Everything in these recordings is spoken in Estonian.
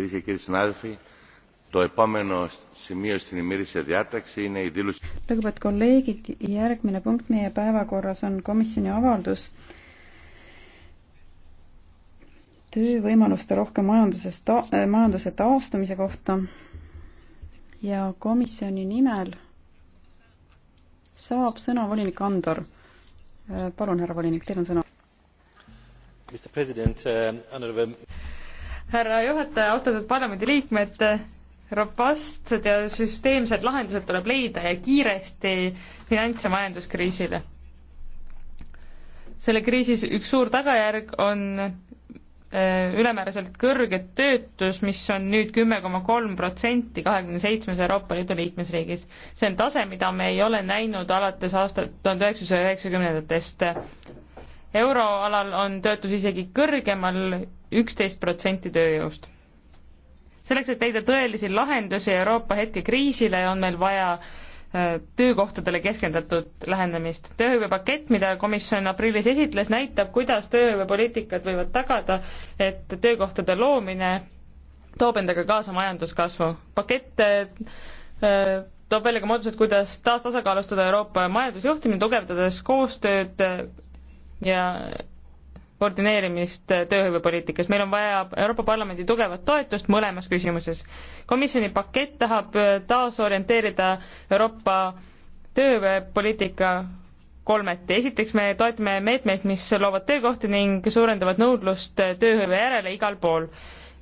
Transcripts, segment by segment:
Κυρίες και κύριοι συνάδελφοι, το επόμενο σημείο στην ημερήσια διάταξη είναι η δήλωση... Lugupeetud kolleegid, järgmine punkt meie päevakorras on komisjoni avaldus töövõimaluste rohke majanduses ta, äh, majanduse taastamise kohta ja komisjoni nimel saab sõna volinik Andor. Äh, palun, härra volinik, teil on sõna. Mr President uh,, honorable härra juhataja, austatud parlamendiliikmed, robustsed ja süsteemsed lahendused tuleb leida ja kiiresti finants- ja majanduskriisile. selle kriisi üks suur tagajärg on äh, ülemääraselt kõrge töötus, mis on nüüd kümme koma kolm protsenti kahekümne seitsmes Euroopa Liidu liikmesriigis. see on tase, mida me ei ole näinud alates aastat tuhande üheksasaja üheksakümnendatest euroalal on töötus isegi kõrgemal, üksteist protsenti tööjõust. selleks, et leida tõelisi lahendusi Euroopa hetke kriisile, on meil vaja äh, töökohtadele keskendatud lähenemist. tööhõivepakett, mida komisjon aprillis esitles, näitab, kuidas tööhõivepoliitikad võivad tagada, et töökohtade loomine toob endaga kaasa majanduskasvu. pakett äh, äh, toob välja ka moodused, kuidas taastasakaalustada Euroopa majandusjuhtimine, tugevdades koostööd ja koordineerimist tööhõivepoliitikas. meil on vaja Euroopa Parlamendi tugevat toetust mõlemas küsimuses. komisjoni pakett tahab taasorienteerida Euroopa tööhõivepoliitika kolmeti. esiteks me toetame meetmeid, mis loovad töökohti ning suurendavad nõudlust tööhõive järele igal pool.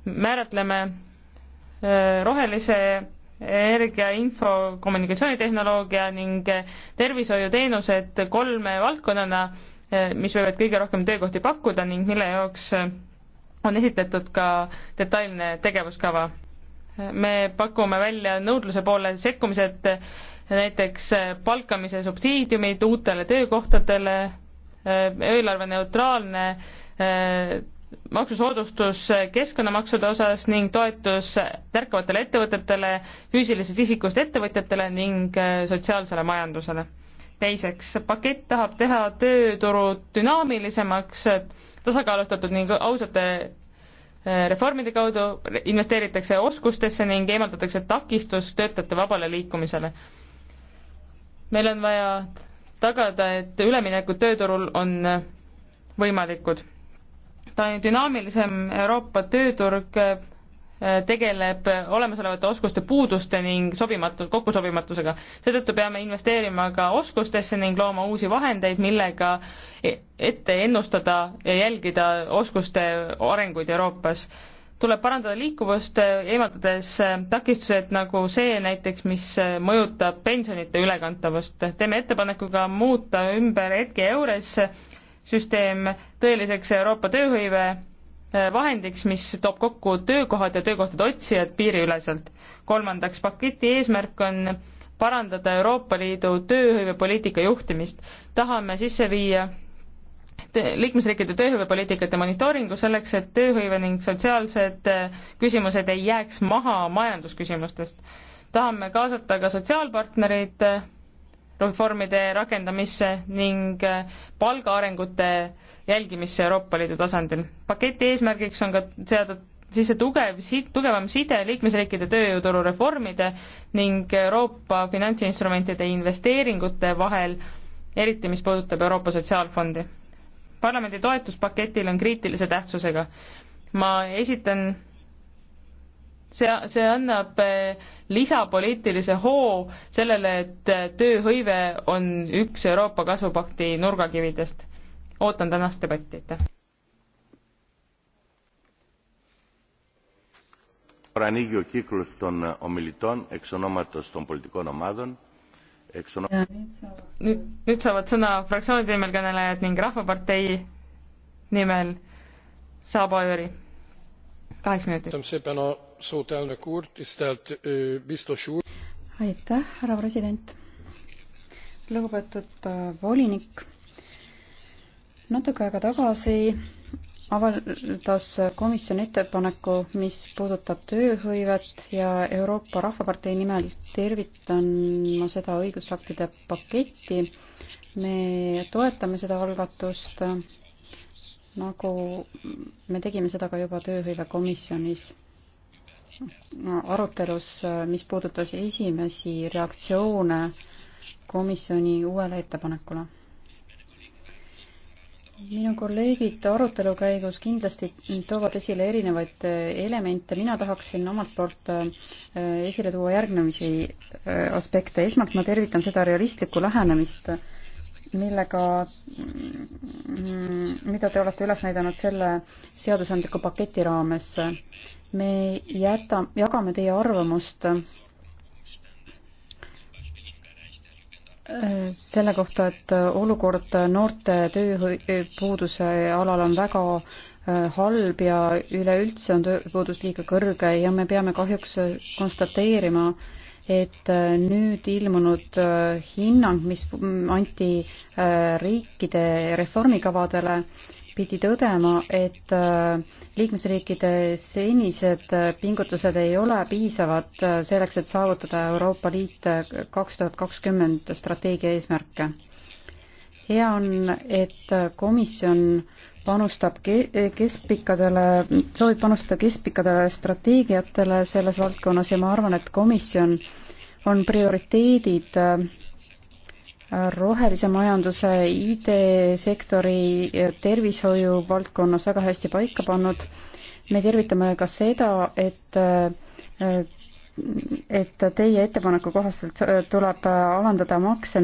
määratleme äh, rohelise energia, info, kommunikatsioonitehnoloogia ning tervishoiuteenused kolme valdkonnana Eh, mis võivad kõige rohkem töökohti pakkuda ning mille jaoks eh, on esitletud ka detailne tegevuskava. Eh, me pakume välja nõudluse poole sekkumised, näiteks palkamise subsiidiumid uutele töökohtadele, eelarve neutraalne maksusoodustus keskkonnamaksude osas ning toetus tärkavatele ettevõtetele, füüsilisest isikust ettevõtjatele ning sotsiaalsele majandusele teiseks, pakett tahab teha tööturu dünaamilisemaks, tasakaalustatud ning ausate eh, reformide kaudu investeeritakse oskustesse ning eemaldatakse takistus töötajate vabale liikumisele. meil on vaja tagada, et üleminekud tööturul on võimalikud. dünaamilisem Euroopa tööturg eh, tegeleb olemasolevate oskuste puuduste ning sobimatu, kokkusobimatusega. seetõttu peame investeerima ka oskustesse ning looma uusi vahendeid, millega e-, ette ennustada ja jälgida oskuste arenguid Euroopas. tuleb parandada liikuvust, eemaldades takistused nagu see näiteks, mis mõjutab pensionite ülekantavust. teeme ettepaneku ka muuta ümber hetke EURES süsteem tõeliseks Euroopa tööhõive vahendiks, mis toob kokku töökohad ja töökohtade otsijad piiriüleselt. kolmandaks, paketi eesmärk on parandada Euroopa Liidu tööhõivepoliitika juhtimist. tahame sisse viia liikmesriikide tööhõivepoliitikate monitooringu selleks, et tööhõive ning sotsiaalsed äh, küsimused ei jääks maha majandusküsimustest. tahame kaasata ka sotsiaalpartnerid äh, reformide rakendamisse ning äh, palgaarengute jälgimisse Euroopa Liidu tasandil. paketi eesmärgiks on ka seada sisse tugev, tugevam side liikmesriikide tööjõuturu reformide ning Euroopa finantsinstrumentide investeeringute vahel, eriti mis puudutab Euroopa Sotsiaalfondi. parlamendi toetuspaketil on kriitilise tähtsusega. ma esitan see, see annab eh, lisapoliitilise hoo sellele, et eh, tööhõive on üks Euroopa kasvupakti nurgakividest ootan tänast debatti, aitäh. Ανοίγει ο κύκλος των ομιλητών εξ ονόματος των πολιτικών ομάδων. Εξ ονα... ja, nüüd, nüüd saavad sõna fraktsioonide nimel kõnelejad ning Rahvapartei nimel saab Ajuri. kaheks minutiks. aitäh, härra president. lugupeetud volinik natuke aega tagasi avaldas komisjon ettepaneku, mis puudutab tööhõivet ja Euroopa Rahvapartei nimel tervitan ma seda õigusaktide paketti. me toetame seda algatust, nagu me tegime seda ka juba tööhõivekomisjonis arutelus, mis puudutas esimesi reaktsioone komisjoni uuele ettepanekule minu kolleegid arutelu käigus kindlasti toovad esile erinevaid äh, elemente, mina tahaksin omalt poolt äh, esile tuua järgnemisi äh, aspekte, esmalt ma tervitan seda realistlikku lähenemist, millega, mm, mida te olete üles näidanud selle seadusandliku paketi raames. me jäta-, jagame teie arvamust selle kohta, et olukord noorte tööpuuduse alal on väga äh, halb ja üleüldse on tööpuudus liiga kõrge ja me peame kahjuks konstateerima, et äh, nüüd ilmunud äh, hinnang, mis anti riikide reformikavadele, pidi tõdema, et äh, liikmesriikide senised äh, pingutused ei ole piisavad äh, selleks, et saavutada Euroopa Liit kaks tuhat kakskümmend strateegia eesmärke. hea on, et komisjon panustab ke-, keskpikkadele, soovib panustada keskpikkadele strateegiatele selles valdkonnas ja ma arvan, et komisjon on prioriteedid äh, rohelise majanduse, IT-sektori, tervishoiu valdkonnas väga hästi paika pannud. me tervitame ka seda, et et teie ettepaneku kohaselt tuleb alandada makse,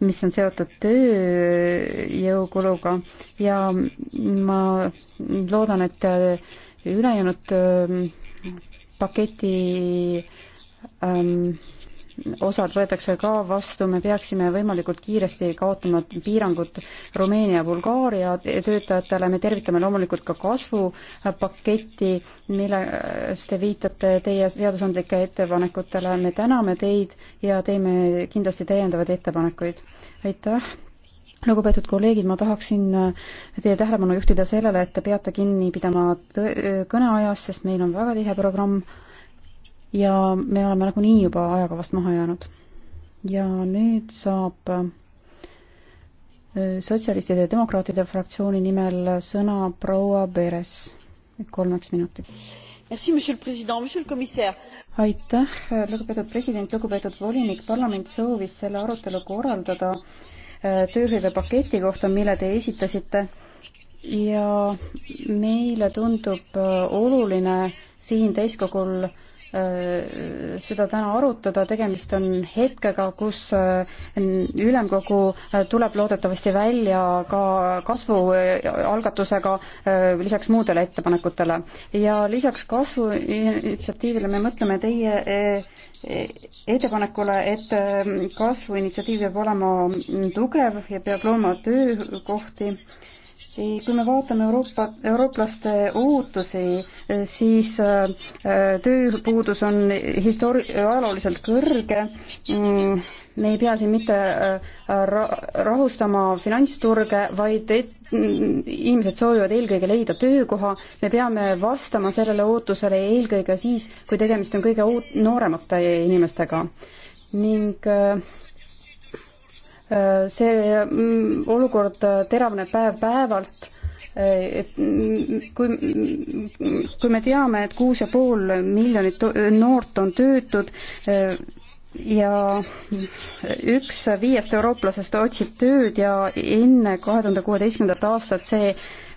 mis on seotud tööjõukuluga ja ma loodan, et ülejäänud paketi ähm, osad võetakse ka vastu, me peaksime võimalikult kiiresti kaotama piirangud Rumeenia ja Bulgaaria töötajatele, me tervitame loomulikult ka kasvupaketti, milles te viitate teie seadusandlike ettepanekutele, me täname teid ja teeme kindlasti täiendavaid ettepanekuid. aitäh! lugupeetud kolleegid, ma tahaksin teie tähelepanu juhtida sellele, et te peate kinni pidama kõneajast, sest meil on väga tihe programm ja me oleme nagunii juba ajakavast maha jäänud. ja nüüd saab äh, sotsialistide ja demokraatide fraktsiooni nimel sõna proua Peres kolmeks minutiks aitäh, lugupeetud president, lugupeetud volinik, parlament soovis selle arutelu korraldada äh, tööhõivepaketi kohta, mille te esitasite ja meile tundub äh, oluline siin täiskogul Äh, seda täna arutada, tegemist on hetkega, kus äh, ülemkogu äh, tuleb loodetavasti välja ka kasvualgatusega lisaks muudele ettepanekutele. ja lisaks kasvuinitsiatiivile me mõtleme teie ettepanekule, et kasvuinitsiatiiv peab olema tugev ja peab looma töökohti kui me vaatame Euroopa, eurooplaste ootusi, siis äh, tööpuudus on histori-, ajalooliselt kõrge, mm, me ei pea siin mitte äh, ra-, rahustama finantsturge, vaid et, inimesed soovivad eelkõige leida töökoha, me peame vastama sellele ootusele eelkõige siis, kui tegemist on kõige uut-, nooremate inimestega ning äh, see mm, olukord äh, teravneb päev-päevalt äh, et mm, kui, mm, kui me teame, et kuus ja pool miljonit noort on töötud äh, ja üks viiest eurooplasest otsib tööd ja enne kahe tuhande kuueteistkümnendat aastat see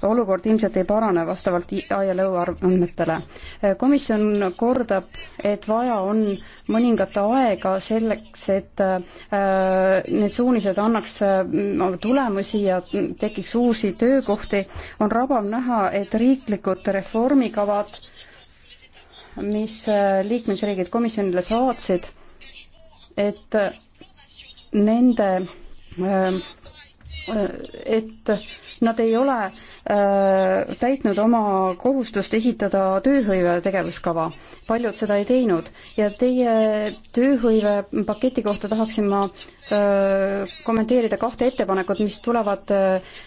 olukord ilmselt ei parane vastavalt ILO andmetele. komisjon kordab, et vaja on mõningat aega selleks, et äh, need suunised annaks äh, tulemusi ja tekiks uusi töökohti. on rabav näha, et riiklikud reformikavad, mis äh, liikmesriigid komisjonile saatsid, et nende äh, Äh, et nad ei ole äh, täitnud oma kohustust esitada tööhõive tegevuskava. paljud seda ei teinud ja teie tööhõive paketi kohta tahaksin ma äh, kommenteerida kahte ettepanekut, mis tulevad äh,,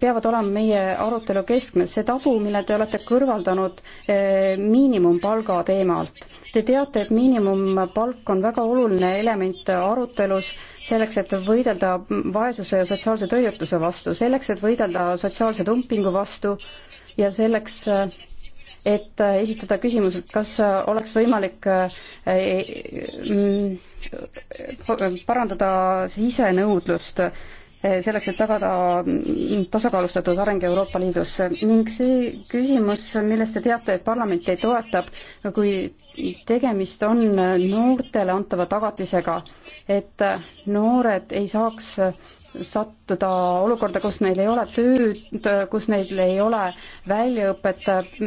peavad olema meie arutelu keskmes. see tabu, mille te olete kõrvaldanud äh, miinimumpalga teemalt. Te teate, et miinimumpalk on väga oluline element arutelus äh, selleks, et võidelda vaesuse ja sotsiaalse tõrjutuse vastu, selleks, et võidelda sotsiaalse dumpingu vastu ja selleks, et esitada küsimus, et kas oleks võimalik eh, eh, mm, parandada sisenõudlust Eh, selleks, et tagada mm, tasakaalustatud areng Euroopa Liidus. ning see küsimus, millest te teate, et parlament teid toetab, kui tegemist on noortele antava tagatisega, et noored ei saaks sattuda olukorda, kus neil ei ole tööd, kus neil ei ole väljaõpet äh,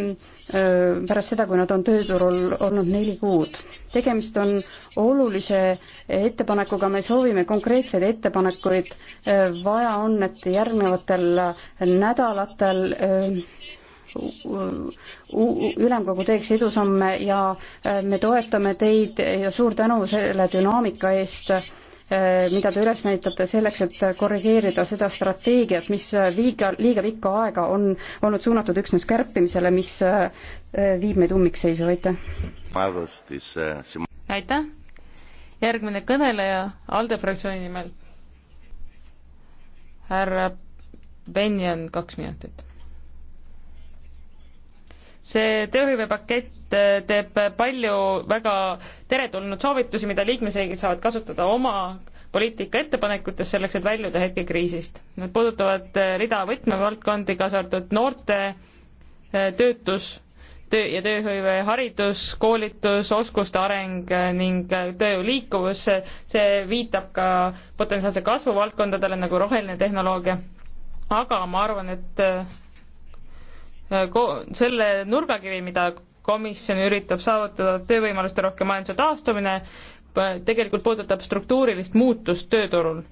pärast seda, kui nad on tööturul olnud neli kuud. tegemist on olulise ettepanekuga, me soovime konkreetseid ettepanekuid, äh, vaja on, et järgnevatel nädalatel äh, ülemkogu teeks edusamme ja me toetame teid ja suur tänu selle dünaamika eest Äh, mida te üles näitate selleks, et korrigeerida seda strateegiat, mis äh, liiga, liiga pikka aega on olnud suunatud üksnes kärpimisele, mis äh, viib meid ummikseisu, aitäh! aitäh! järgmine kõneleja ALDE fraktsiooni nimel, härra Benjan, kaks minutit. see tööhõivepakett Parlament äh, teeb palju väga teretulnud soovitusi, mida liikmesriigid saavad kasutada oma poliitika ettepanekutes selleks, et väljuda hetkekriisist. Nad puudutavad äh, rida võtmevaldkondi, kaasa arvatud noorte äh, töötus, töö ja tööhõive, haridus, koolitus, oskuste areng ning tööjõu liikuvus, see viitab ka potentsiaalse kasvu valdkondadele nagu roheline tehnoloogia. aga ma arvan, et ko-, selle nurgakivi, mida komisjon üritab saavutada töövõimaluste rohke majanduse taastumine, tegelikult puudutab struktuurilist muutust tööturul.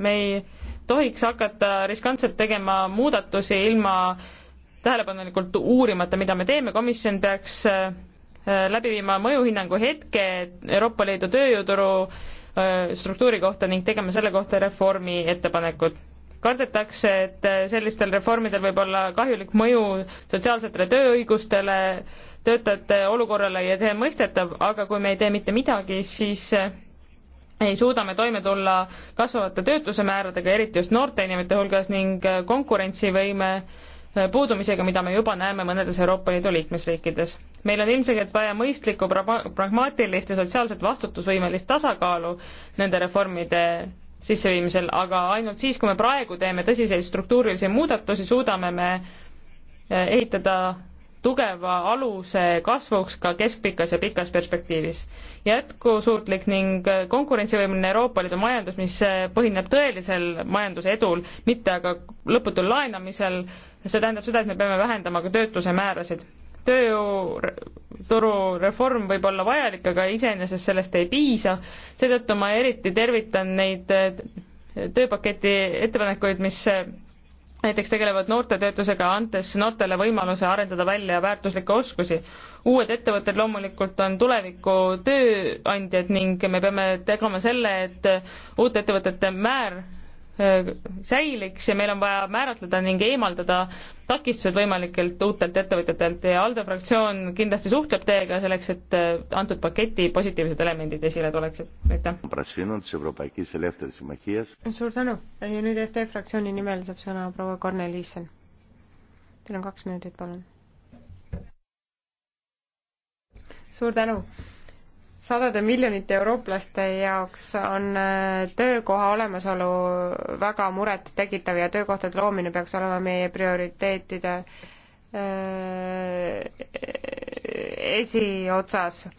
me ei tohiks hakata riskantselt tegema muudatusi ilma tähelepanelikult uurimata, mida me teeme, komisjon peaks äh, läbi viima mõjuhinnangu hetke Euroopa Liidu tööjõuturu äh, struktuuri kohta ning tegema selle kohta reformi ettepanekud kardetakse, et äh, sellistel reformidel võib olla kahjulik mõju sotsiaalsetele tööõigustele, töötajate olukorrale ja see on mõistetav, aga kui me ei tee mitte midagi, siis äh, ei suuda me toime tulla kasvavate töötuse määradega, eriti just noorte inimeste hulgas ning äh, konkurentsivõime puudumisega, mida me juba näeme mõnedes Euroopa Liidu liikmesriikides. meil on ilmselgelt vaja mõistlikku, pragmaatilist ja sotsiaalselt vastutusvõimelist tasakaalu nende reformide sisseviimisel, aga ainult siis, kui me praegu teeme tõsiseid struktuurilisi muudatusi, suudame me eh, ehitada tugeva aluse kasvuks ka keskpikas ja pikas perspektiivis. jätkusuutlik ning konkurentsivõimeline Euroopa Liidu majandus, mis eh, põhineb tõelisel majanduse edul, mitte aga lõputul laenamisel, see tähendab seda, et me peame vähendama ka töötuse määrasid tööturureform võib olla vajalik, aga iseenesest sellest ei piisa. seetõttu ma eriti tervitan neid äh, tööpaketi ettepanekuid, mis äh, näiteks tegelevad noortetöötlusega, andes noortele võimaluse arendada välja väärtuslikke oskusi. uued ettevõtted loomulikult on tuleviku tööandjad ning me peame tegema selle, et uute ettevõtete määr Äh, säiliks ja meil on vaja määratleda ning eemaldada takistused võimalikelt uutelt ettevõtjatelt ja ALDE fraktsioon kindlasti suhtleb teiega selleks, et äh, antud paketi positiivsed elemendid esile tuleksid, aitäh. suur tänu ja nüüd FD fraktsiooni nimel saab sõna proua Korneliisen. Teil on kaks minutit, palun. suur tänu sadade miljonite eurooplaste jaoks on äh, töökoha olemasolu väga murettekitav ja töökohtade loomine peaks olema meie prioriteetide äh, esiotsas.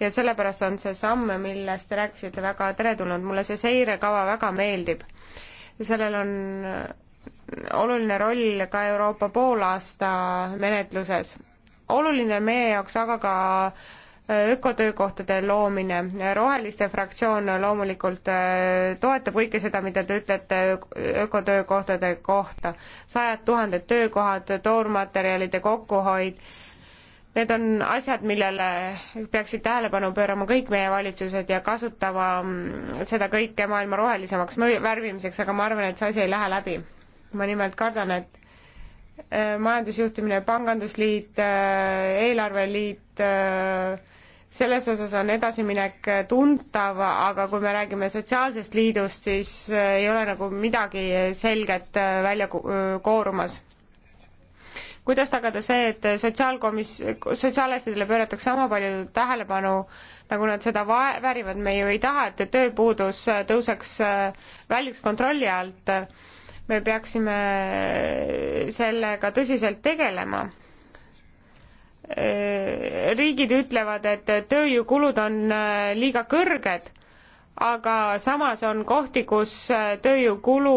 ja sellepärast on see samm, millest te rääkisite, väga teretulnud, mulle see seirekava väga meeldib. sellel on äh, oluline roll ka Euroopa poolaasta menetluses oluline meie jaoks aga ka ökotöökohtade loomine. roheliste fraktsioon loomulikult äh, toetab kõike seda, mida te ütlete ökotöökohtade kohta. sajad tuhanded töökohad, toormaterjalide kokkuhoid, need on asjad, millele peaksid tähelepanu pöörama kõik meie valitsused ja kasutama mm, seda kõike maailma rohelisemaks värvimiseks, aga ma arvan, et see asi ei lähe läbi. ma nimelt kardan, et äh, majandusjuhtimine, pangandusliit, äh, eelarveliit, selles osas on edasiminek tuntav, aga kui me räägime sotsiaalsest liidust, siis äh, ei ole nagu midagi selget äh, välja äh, koorumas. kuidas tagada see, et sotsiaalkomis-, sotsiaalasjadele pööratakse sama palju tähelepanu, nagu nad seda vae-, väärivad, me ju ei taha, et tööpuudus tõuseks, väljuks kontrolli alt, me peaksime sellega tõsiselt tegelema Äh, riigid ütlevad, et tööjõukulud on äh, liiga kõrged, aga samas on kohti, kus äh, tööjõukulu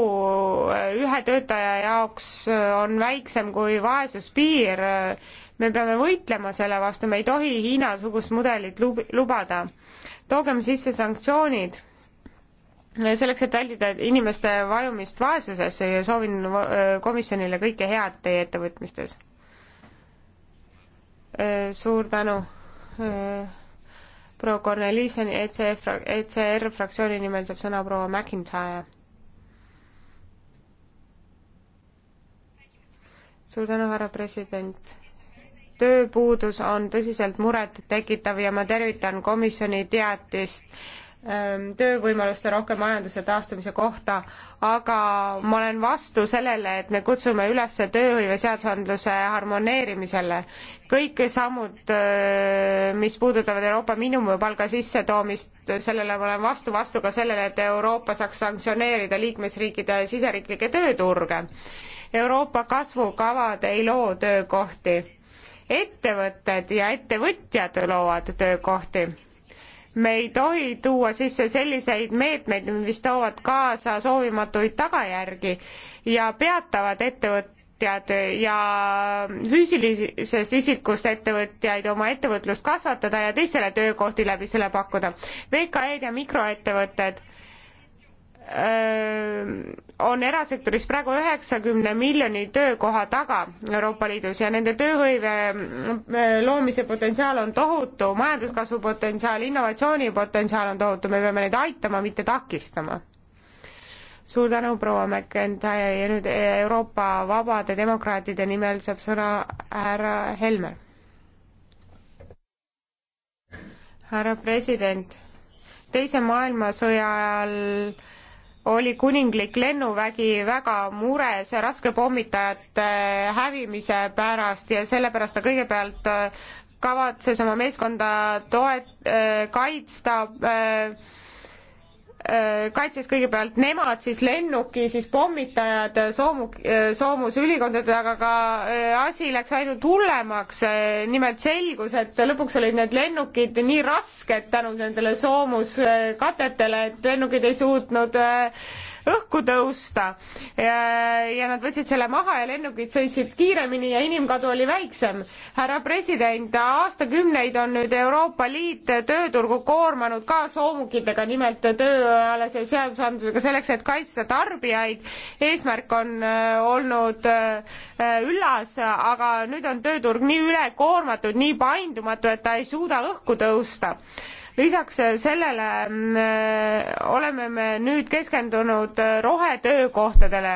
ühe töötaja jaoks on väiksem kui vaesuspiir. me peame võitlema selle vastu, me ei tohi Hiina-sugust mudelit lub-, lubada. toogem sisse sanktsioonid selleks, et vältida inimeste vajumist vaesusesse ja soovin komisjonile kõike head teie ettevõtmistes Äh, suur tänu äh, proua Corneliiseni ECF, ECR fraktsiooni nimel saab sõna proua McIntyre. suur tänu, härra president. tööpuudus on tõsiselt muret tekitav ja ma tervitan komisjoni teatist Ähm, töövõimaluste rohke majanduse taastumise kohta, aga ma olen vastu sellele, et me kutsume üles tööhõive seadusandluse harmoneerimisele. kõik sammud, äh, mis puudutavad Euroopa miinimumpalga sissetoomist, sellele ma olen vastu, vastu ka sellele, et Euroopa saaks sanktsioneerida liikmesriikide siseriiklikke tööturge. Euroopa kasvukavad ei loo töökohti. ettevõtted ja ettevõtjad loovad töökohti me ei tohi tuua sisse selliseid meetmeid, mis toovad kaasa soovimatuid tagajärgi ja peatavad ettevõtjad ja füüsilisest isikust ettevõtjaid oma ettevõtlust kasvatada ja teistele töökohti läbi selle pakkuda. VKE-d ja mikroettevõtted on erasektoris praegu üheksakümne miljoni töökoha taga Euroopa Liidus ja nende tööhõive loomise potentsiaal on tohutu, majanduskasvu potentsiaal, innovatsiooni potentsiaal on tohutu, me peame neid aitama, mitte takistama. suur tänu, proua McIntyre ja nüüd e, Euroopa Vabade Demokraatide nimel saab sõna härra Helmer. härra president, teise maailmasõja ajal oli kuninglik lennuvägi väga mures raskepommitajate hävimise pärast ja sellepärast ta kõigepealt äh, kavatses oma meeskonda toet-, äh, kaitsta äh, Äh, kaitses kõigepealt nemad, siis lennuki, siis pommitajad, soomuk-, äh, soomusülikondade, aga ka äh, asi läks ainult hullemaks. nimelt selgus, et lõpuks olid need lennukid nii rasked tänu nendele soomuskatetele, et lennukid ei suutnud õhku tõusta. ja nad võtsid selle maha ja lennukid sõitsid kiiremini ja inimkadu oli väiksem. härra president, aastakümneid on nüüd Euroopa Liit tööturgu koormanud ka soomukitega, nimelt tööalase seadusandlusega selleks, et kaitsta tarbijaid. eesmärk on äh, olnud äh, üllas, aga nüüd on tööturg nii ülekoormatud, nii paindumatu, et ta ei suuda õhku tõusta lisaks sellele mm, oleme me nüüd keskendunud rohetöökohtadele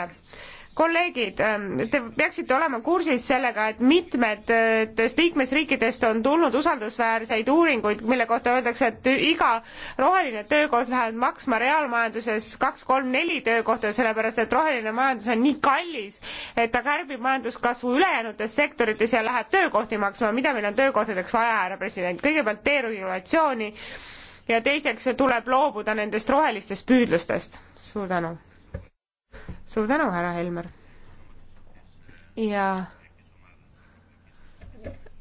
kolleegid, ähm, te peaksite olema kursis sellega, et mitmetest liikmesriikidest on tulnud usaldusväärseid uuringuid, mille kohta öeldakse, et iga roheline töökoht läheb maksma reaalmajanduses kaks-kolm-neli töökohta, sellepärast et roheline majandus on nii kallis, et ta kärbib majanduskasvu ülejäänutes sektorites ja läheb töökohti maksma, mida meil on töökohtadeks vaja, härra president, kõigepealt deregulatsiooni ja teiseks tuleb loobuda nendest rohelistest püüdlustest. suur tänu suur tänu, härra Helmer. ja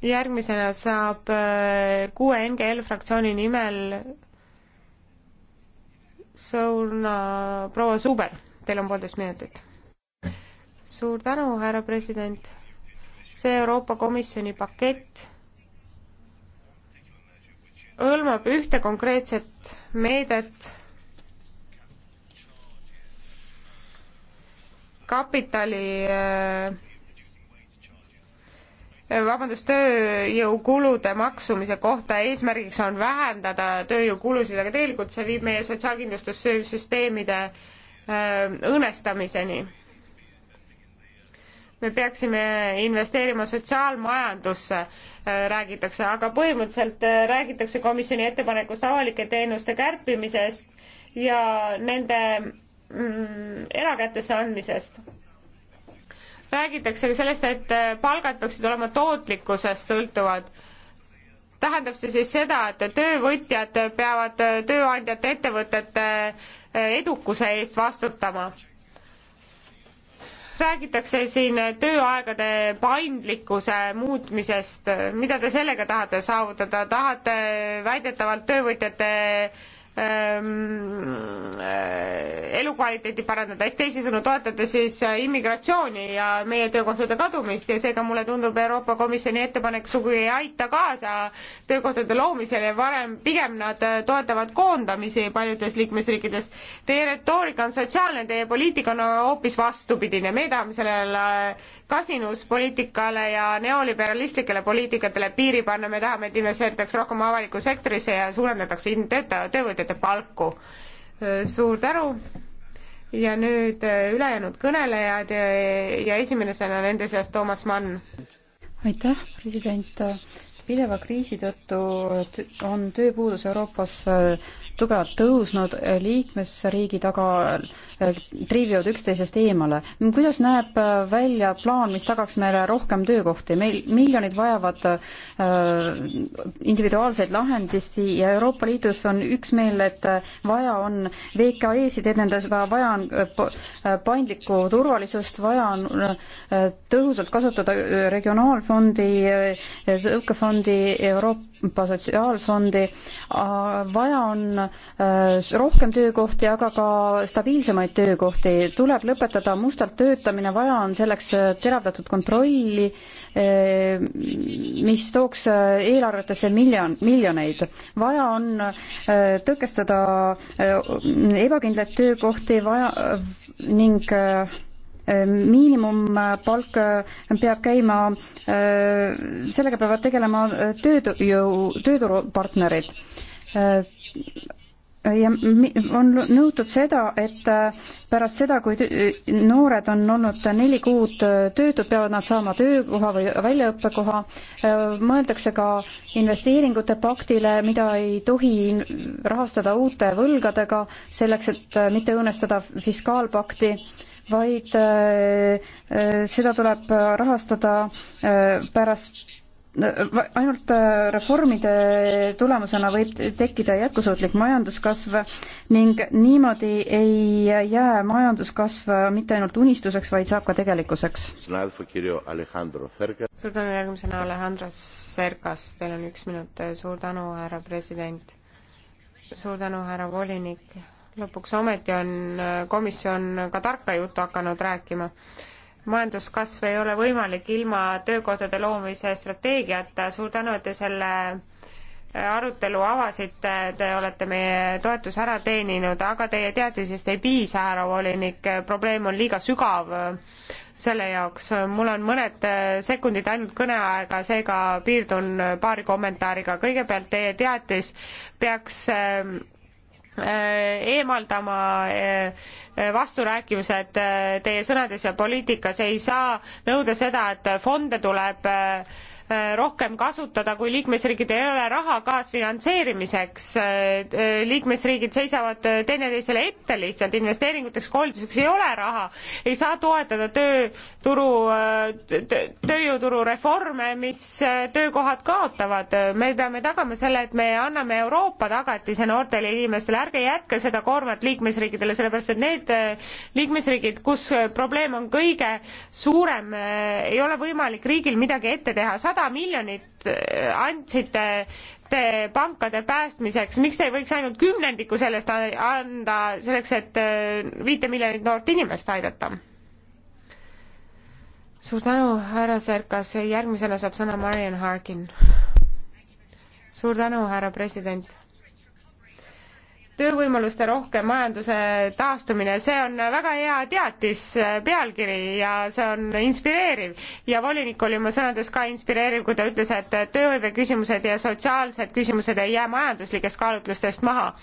järgmisena saab äh, kuue NGL fraktsiooni nimel sõna proua Suber, teil on poolteist minutit. suur tänu, härra president. see Euroopa Komisjoni pakett hõlmab ühte konkreetset meedet kapitali äh, äh, vabandust, tööjõukulude maksumise kohta, eesmärgiks on vähendada tööjõukulusid, aga tegelikult see viib meie sotsiaalkindlustussüsteemide äh, õõnestamiseni. me peaksime investeerima sotsiaalmajandusse, räägitakse, aga põhimõtteliselt räägitakse komisjoni ettepanekust avalike teenuste kärpimisest ja nende mm, erakätesse andmisest. räägitakse ka sellest, et äh, palgad peaksid olema tootlikkusest sõltuvad. tähendab see siis seda, et töövõtjad peavad äh, tööandjate ettevõtete äh, edukuse eest vastutama? räägitakse siin tööaegade paindlikkuse muutmisest, mida te sellega tahate saavutada, tahate väidetavalt töövõtjate äh, Ehm, eh, elukvaliteeti parandada, ehk teisisõnu toetate siis äh, immigratsiooni ja meie töökohtade kadumist ja seega mulle tundub, Euroopa Komisjoni ettepanek sugugi ei aita kaasa töökohtade loomisele, varem pigem nad äh, toetavad koondamisi paljudes liikmesriikides. Teie retoorika on sotsiaalne, teie poliitika on hoopis vastupidine, me tahame sellele äh, kasinuspoliitikale ja neoliberalistlikele poliitikatele piiri panna, me tahame, et investeeritaks rohkem avalikku sektorisse ja suurendatakse töötajate töövõtjate töötajate palku. suur tänu ja nüüd ülejäänud kõnelejad ja, ja esimesena nende seas Toomas Mann. aitäh, president. pideva kriisi tõttu on tööpuudus Euroopas tugevalt tõusnud, liikmesriigid aga äh, triivivad üksteisest eemale. kuidas näeb äh, välja plaan, mis tagaks meile rohkem töökohti? meil miljonid vajavad äh, individuaalseid lahendusi ja Euroopa Liidus on üksmeel, et äh, vaja on VKE-sid edendada, vaja on paindlikku turvalisust, vaja on tõhusalt kasutada regionaalfondi, tõukefondi, Euroopa Sotsiaalfondi, vaja on Äh, rohkem töökohti, aga ka stabiilsemaid töökohti, tuleb lõpetada mustalt töötamine, vaja on selleks äh, teravdatud kontrolli, äh, mis tooks eelarvetesse miljon, miljoneid. vaja on tõkestada ebakindlaid töökohti, vaja ning miinimumpalk peab käima, sellega peavad tegelema tööjõu, tööturupartnerid ja on nõutud seda, et äh, pärast seda, kui noored on olnud neli kuud äh, töötud, peavad nad saama töökoha või väljaõppekoha. Äh, mõeldakse ka investeeringute paktile, mida ei tohi rahastada uute võlgadega, selleks et mitte õõnestada fiskaalpakti vaid seda tuleb rahastada pärast Äh, ainult äh, reformide tulemusena võib tekkida jätkusuutlik majanduskasv ning niimoodi ei jää majanduskasv mitte ainult unistuseks, vaid saab ka tegelikkuseks. suur tänu, järgmisena Alejandro Sergas, teil on üks minut, suur tänu, härra president. suur tänu, härra volinik. lõpuks ometi on äh, komisjon ka tarka juttu hakanud rääkima majanduskasv ei ole võimalik ilma töökohtade loomise strateegiata. suur tänu, et te selle äh, arutelu avasite, te olete meie toetuse ära teeninud, aga teie teadmisest ei piisa, härra volinik, probleem on liiga sügav äh, selle jaoks. mul on mõned äh, sekundid ainult kõneaega, seega piirdun paari kommentaariga. kõigepealt teie teatis peaks Äh, eemaldama äh, äh, vasturääkivused teie sõnades ja poliitikas, ei saa nõuda seda, et fonde tuleb Äh, rohkem kasutada, kui liikmesriigidel ei ole raha kaasfinantseerimiseks. Äh, äh, liikmesriigid seisavad teineteisele ette lihtsalt, investeeringuteks, koolituseks ei ole raha, ei saa toetada tööturu, tööjõuturu reforme, mis töökohad kaotavad. me peame tagama selle, et me anname Euroopa tagatise noortele inimestele, ärge jätke seda koormat liikmesriikidele, sellepärast et need liikmesriigid, kus probleem on kõige suurem, ei ole võimalik riigil midagi ette teha sada miljonit äh, andsite te pankade päästmiseks, miks te ei võiks ainult kümnendiku sellest anda selleks, et äh, viite miljonit noort inimest aidata? suur tänu, härra Serkas, järgmisena saab sõna Marian Harkin. suur tänu, härra president töövõimaluste rohke majanduse taastumine, see on väga hea teatis, äh, pealkiri ja see on inspireeriv. ja volinik oli oma sõnades ka inspireeriv, kui ta ütles, et äh, tööhõive küsimused ja sotsiaalsed küsimused ei jää majanduslikest kaalutlustest maha.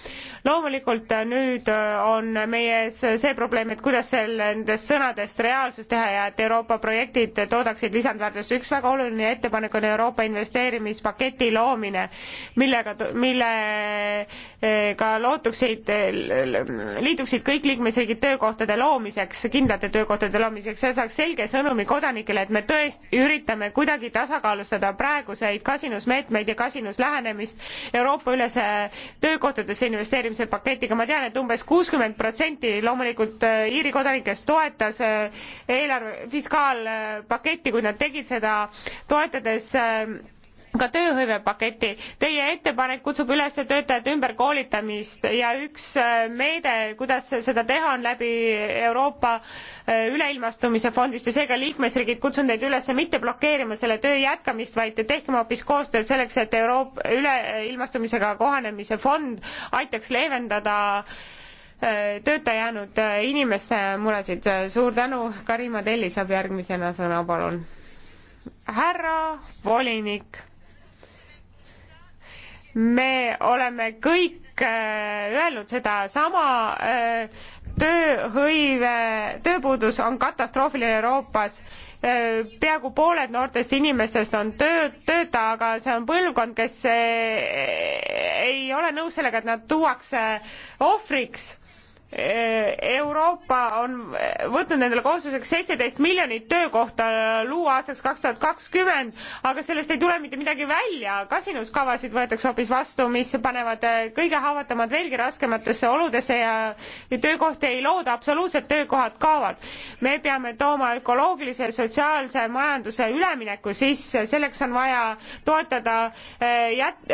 loomulikult äh, nüüd on meie ees see probleem, et kuidas nendest sõnadest reaalsus teha ja et Euroopa projektid toodaksid lisandväärtust. üks väga oluline ettepanek on Euroopa investeerimispaketi loomine, millega, millega loodame kootuksid, liituksid kõik liikmesriigid töökohtade loomiseks, kindlate töökohtade loomiseks, see saaks selge sõnumi kodanikele, et me tõesti üritame kuidagi tasakaalustada praeguseid kasinusmeetmeid ja kasinuslähenemist Euroopa-ülese töökohtadesse investeerimise paketiga, ma tean, et umbes kuuskümmend protsenti loomulikult äh, Iiri kodanikest toetas äh, eelarve, fiskaalpaketti, kui nad tegid seda toetades äh, ka tööhõivepaketi. Teie ettepanek kutsub üles töötajate ümberkoolitamist ja üks äh, meede, kuidas seda teha, on läbi Euroopa äh, üleilmastumise fondist ja seega liikmesriigid, kutsun teid üles mitte blokeerima selle töö jätkamist, vaid tehkem hoopis koostööd selleks, et Euroopa üleilmastumisega kohanemise fond aitaks leevendada äh, tööta jäänud inimeste muresid. suur tänu, Karima Telli saab järgmisena sõna, palun. härra volinik me oleme kõik äh, öelnud sedasama, äh, tööhõive, tööpuudus on katastroofiline Euroopas, äh, peaaegu pooled noortest inimestest on töö, tööta, aga see on põlvkond, kes ei ole nõus sellega, et nad tuuakse ohvriks Eh, Euroopa on eh, võtnud endale kohustuseks seitseteist miljonit töökohta eh, luua aastaks kaks tuhat kakskümmend, aga sellest ei tule mitte midagi välja. kasinuskavasid võetakse hoopis vastu, mis panevad kõige haavatavamad veelgi raskematesse oludesse ja töökohti ei looda, absoluutselt töökohad kaovad. me peame tooma ökoloogilise, sotsiaalse majanduse ülemineku sisse, selleks on vaja toetada jät-,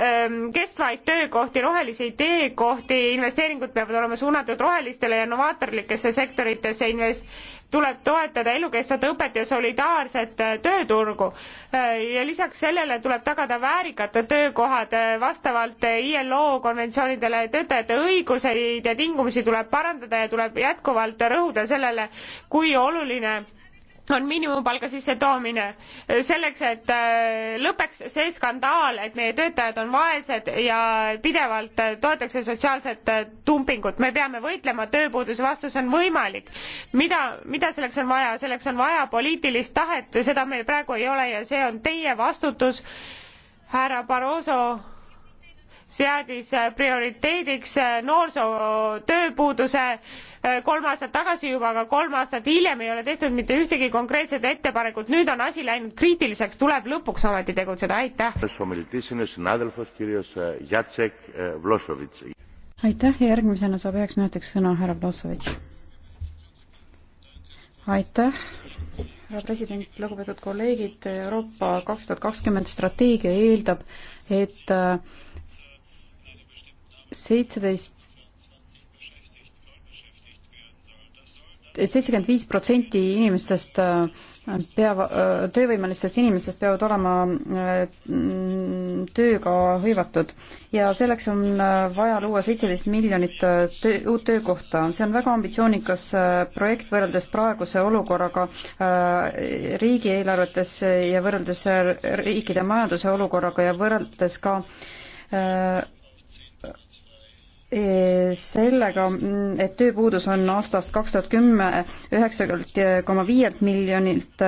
kestvaid töökohti, rohelisi teekohti, investeeringud peavad olema suunatud rohelisele rohelistele ja novaatorlikesse sektoritesse invest-, tuleb toetada elukestvat õpet ja solidaarset äh, tööturgu. Äh, ja lisaks sellele tuleb tagada väärikad töökohad äh, vastavalt ILO konventsioonidele, töötajate õiguseid ja tingimusi tuleb parandada ja tuleb jätkuvalt rõhuda sellele, kui oluline on miinimumpalga sissetoomine selleks, et äh, lõpeks see skandaal, et meie töötajad on vaesed ja pidevalt äh, toetatakse sotsiaalset äh, dumpingut. me peame võitlema tööpuuduse vastu, see on võimalik. mida, mida selleks on vaja? selleks on vaja poliitilist tahet, seda meil praegu ei ole ja see on teie vastutus, härra Barroso seadis prioriteediks noorsootööpuuduse Äh, kolm aastat tagasi juba, aga kolm aastat hiljem ei ole tehtud mitte ühtegi konkreetset ettepanekut, nüüd on asi läinud kriitiliseks, tuleb lõpuks ometi tegutseda, aitäh! aitäh ja järgmisena saab üheks minutiks sõna härra Vlasovitš. aitäh, härra president, lugupeetud kolleegid, Euroopa kaks tuhat kakskümmend strateegia eeldab, et äh, seitseteist et seitsekümmend viis protsenti inimestest äh, peab, äh, töövõimelistest inimestest peavad olema äh, tööga hõivatud ja selleks on vaja luua seitseteist miljonit töö, uut töökohta. see on väga ambitsioonikas projekt võrreldes praeguse olukorraga riigieelarvetes ja võrreldes riikide majanduse olukorraga ja võrreldes ka sellega, mm, et tööpuudus on aastast kaks tuhat kümme üheksakümmend koma viielt miljonilt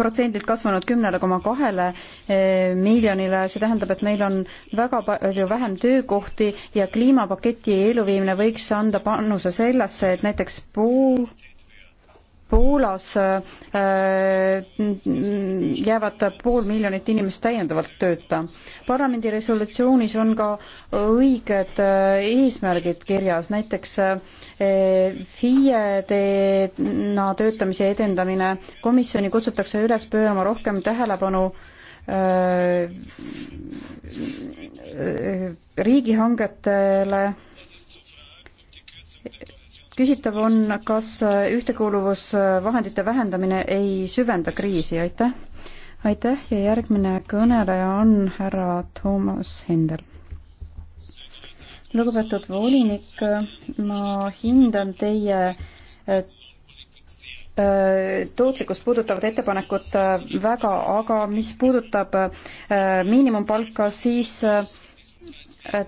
protsendilt kasvanud kümnele koma kahele miljonile, see tähendab, et meil on väga palju vähem töökohti ja kliimapaketi elluviimine võiks anda panuse sellesse, et näiteks pool Poolas äh, jäävad pool miljonit inimest täiendavalt tööta. parlamendi resolutsioonis on ka õiged äh, eesmärgid kirjas, näiteks äh, FIE-na töötamise edendamine, komisjoni kutsutakse üles pöörama rohkem tähelepanu riigihangetele küsitav on, kas äh, ühtekuuluvusvahendite vähendamine ei süvenda kriisi, aitäh. aitäh ja järgmine kõneleja on härra Toomas Hendel. lugupeetud volinik, ma hindan teie äh, äh, tootlikkust puudutavat ettepanekut väga, aga mis puudutab miinimumpalka, siis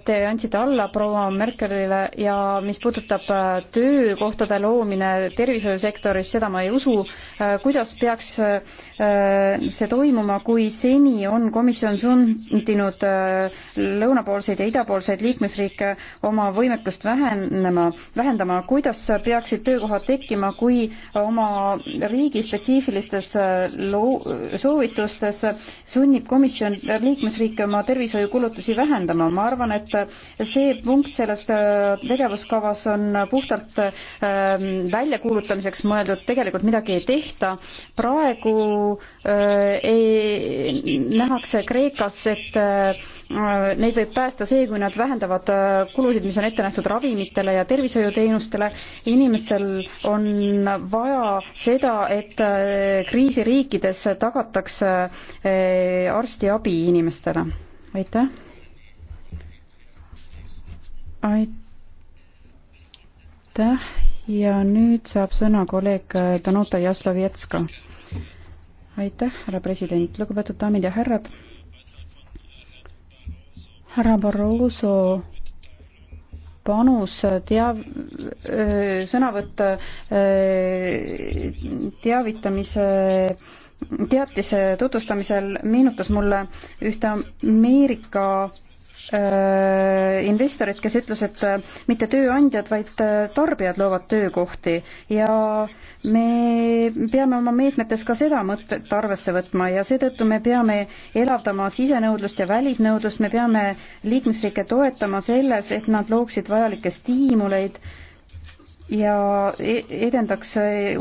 te andsite alla proua Merkelile ja mis puudutab äh, töökohtade loomine tervishoiusektoris, seda ma ei usu. Äh, kuidas peaks äh, Äh, see toimuma, kui seni on komisjon sundinud äh, lõunapoolseid ja idapoolseid liikmesriike oma võimekust vähenema, vähendama, kuidas peaksid töökohad tekkima, kui oma riigi spetsiifilistes äh, loo-, soovitustes sunnib komisjon liikmesriike oma tervishoiukulutusi vähendama, ma arvan, et see punkt selles tegevuskavas on puhtalt väljakuulutamiseks mõeldud, tegelikult midagi ei tehta, praegu Äh, ei, nähakse Kreekas, et äh, neid võib päästa see, kui nad vähendavad äh, kulusid, mis on ette nähtud ravimitele ja tervishoiuteenustele. inimestel on vaja seda, et kriisiriikides tagatakse arstiabi inimestele. aitäh. aitäh ja nüüd saab sõna kolleeg Danuta Jaslovetska aitäh, härra president, lugupeetud daamid ja härrad. härra Barroso panus teav-, sõnavõtt teavitamise teatise tutvustamisel meenutas mulle ühte Ameerika Äh, investorit, kes ütles, et äh, mitte tööandjad, vaid äh, tarbijad loovad töökohti ja me peame oma meetmetes ka seda mõtet arvesse võtma ja seetõttu me peame elavdama sisenõudlust ja välisnõudlust, me peame liikmesriike toetama selles, et nad looksid vajalikke stiimuleid ja e-, edendaks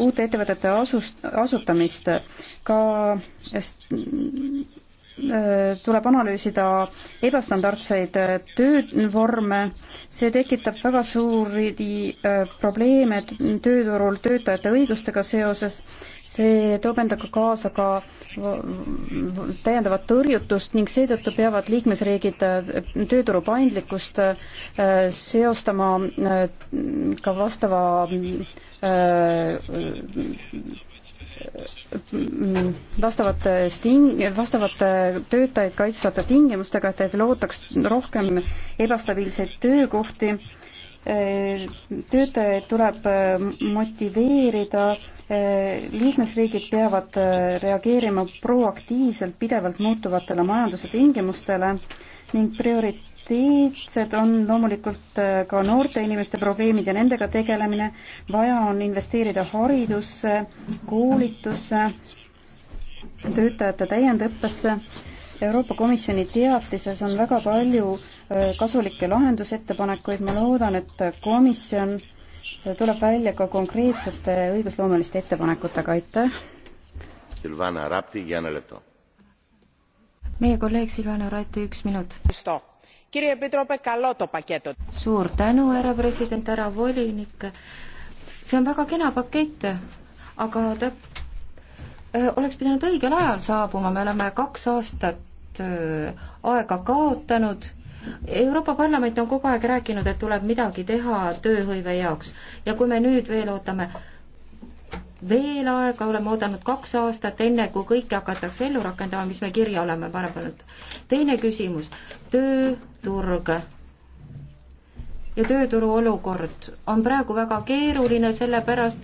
uute ettevõtete asust, asutamist ka tuleb analüüsida ebastandardseid äh, töövorme, see tekitab väga suuri äh, probleeme tööturul töötajate õigustega seoses, see toob endaga kaasa ka täiendavat tõrjutust ning seetõttu peavad liikmesriigid äh, tööturu paindlikkust seostama ka vastava vastavate sting-, vastavate töötajaid kaitsvate tingimustega, et, et loodaks rohkem ebastabiilseid töökohti. töötajaid tuleb motiveerida, liikmesriigid peavad reageerima proaktiivselt pidevalt muutuvatele majanduse tingimustele ning priori-, prioriteetsed on loomulikult äh, ka noorte inimeste probleemid ja nendega tegelemine. vaja on investeerida haridusse, koolitusse, töötajate täiendõppesse. Euroopa Komisjoni teatises on väga palju äh, kasulikke lahendusettepanekuid, ma loodan, et komisjon äh, tuleb välja ka konkreetsete õigusloomeliste ettepanekutega, aitäh. Silvana Rapti, Janeleto meie kolleeg Silvana Raiti, üks minut. suur tänu, härra president, härra volinik. see on väga kena pakett, aga ta öö, oleks pidanud õigel ajal saabuma, me oleme kaks aastat öö, aega kaotanud Euroopa Parlament on kogu aeg rääkinud, et tuleb midagi teha tööhõive jaoks ja kui me nüüd veel ootame veel aega, oleme oodanud kaks aastat, enne kui kõike hakatakse ellu rakendama, mis me kirja oleme varem pannud. teine küsimus, tööturg ja tööturu olukord on praegu väga keeruline, sellepärast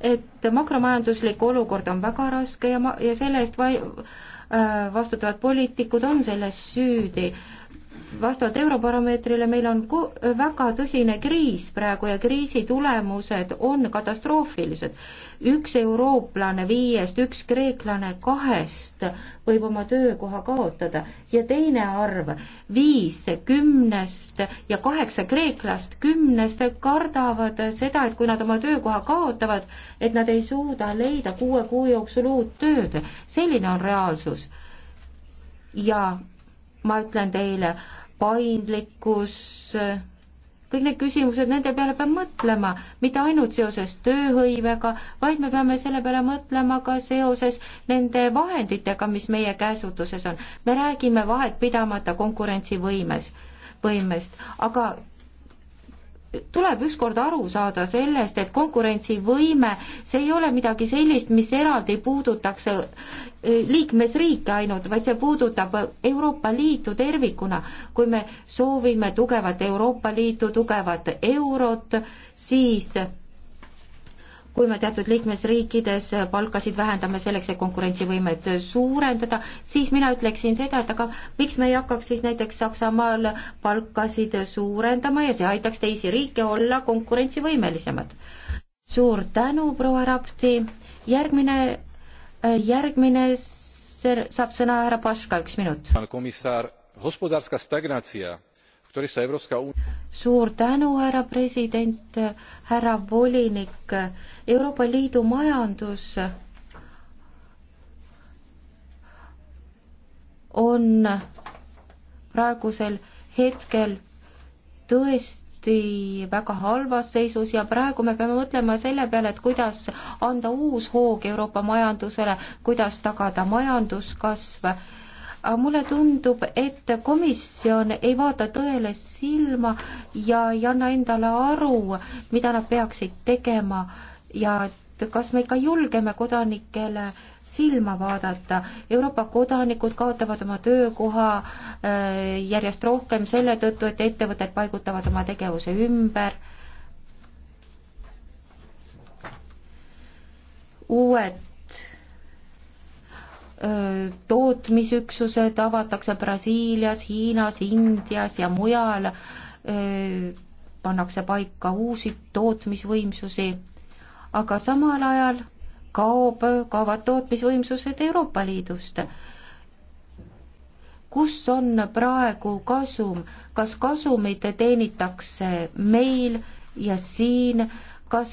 et makromajanduslik olukord on väga raske ja ma-, ja selle eest va-, äh, vastutavad poliitikud on selles süüdi vastavalt Eurobaromeetrile meil on ko-, väga tõsine kriis praegu ja kriisi tulemused on katastroofilised. üks eurooplane viiest, üks kreeklane kahest võib oma töökoha kaotada ja teine arv, viis kümnest ja kaheksa kreeklast kümnest kardavad seda, et kui nad oma töökoha kaotavad, et nad ei suuda leida kuue kuu jooksul uut tööd. selline on reaalsus. ja ma ütlen teile, paindlikkus, kõik need küsimused, nende peale peab mõtlema, mitte ainult seoses tööhõivega, vaid me peame selle peale mõtlema ka seoses nende vahenditega, mis meie käsutuses on. me räägime vahet pidamata konkurentsivõimes, võimest, aga tuleb ükskord aru saada sellest, et konkurentsivõime, see ei ole midagi sellist, mis eraldi puudutaks eh, liikmesriike ainult, vaid see puudutab Euroopa Liitu tervikuna. kui me soovime tugevat Euroopa Liitu, tugevat eurot, siis kui me teatud liikmesriikides palkasid vähendame selleks, et konkurentsivõimet suurendada, siis mina ütleksin seda, et aga miks me ei hakkaks siis näiteks Saksamaal palkasid suurendama ja see aitaks teisi riike olla konkurentsivõimelisemad. suur tänu, proua Rapti, järgmine, järgmine saab sõna härra Paška, üks minut. komisar, hospodarska stagnatsia suur tänu, härra president, härra volinik. Euroopa Liidu majandus on praegusel hetkel tõesti väga halvas seisus ja praegu me peame mõtlema selle peale, et kuidas anda uus hoog Euroopa majandusele, kuidas tagada majanduskasv aga mulle tundub, et komisjon ei vaata tõele silma ja ei anna endale aru, mida nad peaksid tegema ja et kas me ikka julgeme kodanikele silma vaadata. Euroopa kodanikud kaotavad oma töökoha äh, järjest rohkem selle tõttu, et ettevõtted paigutavad oma tegevuse ümber uued tootmisüksused avatakse Brasiilias, Hiinas, Indias ja mujal, pannakse paika uusi tootmisvõimsusi, aga samal ajal kaob, kaovad tootmisvõimsused Euroopa Liidust. kus on praegu kasum, kas kasumid teenitakse meil ja siin äh, kas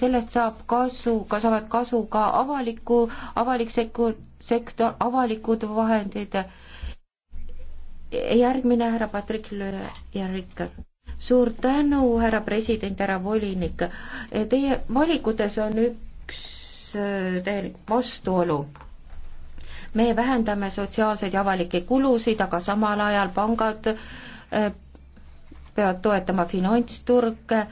sellest saab kasu, kas saavad kasu ka avaliku, avalik sektor, sektor, avalikud vahendid? järgmine härra Patrick Lööjarik. suur tänu, härra president, härra volinik. Teie valikutes on üks äh, täielik vastuolu me vähendame sotsiaalseid ja avalikke kulusid, aga samal ajal pangad äh, peavad toetama finantsturge äh,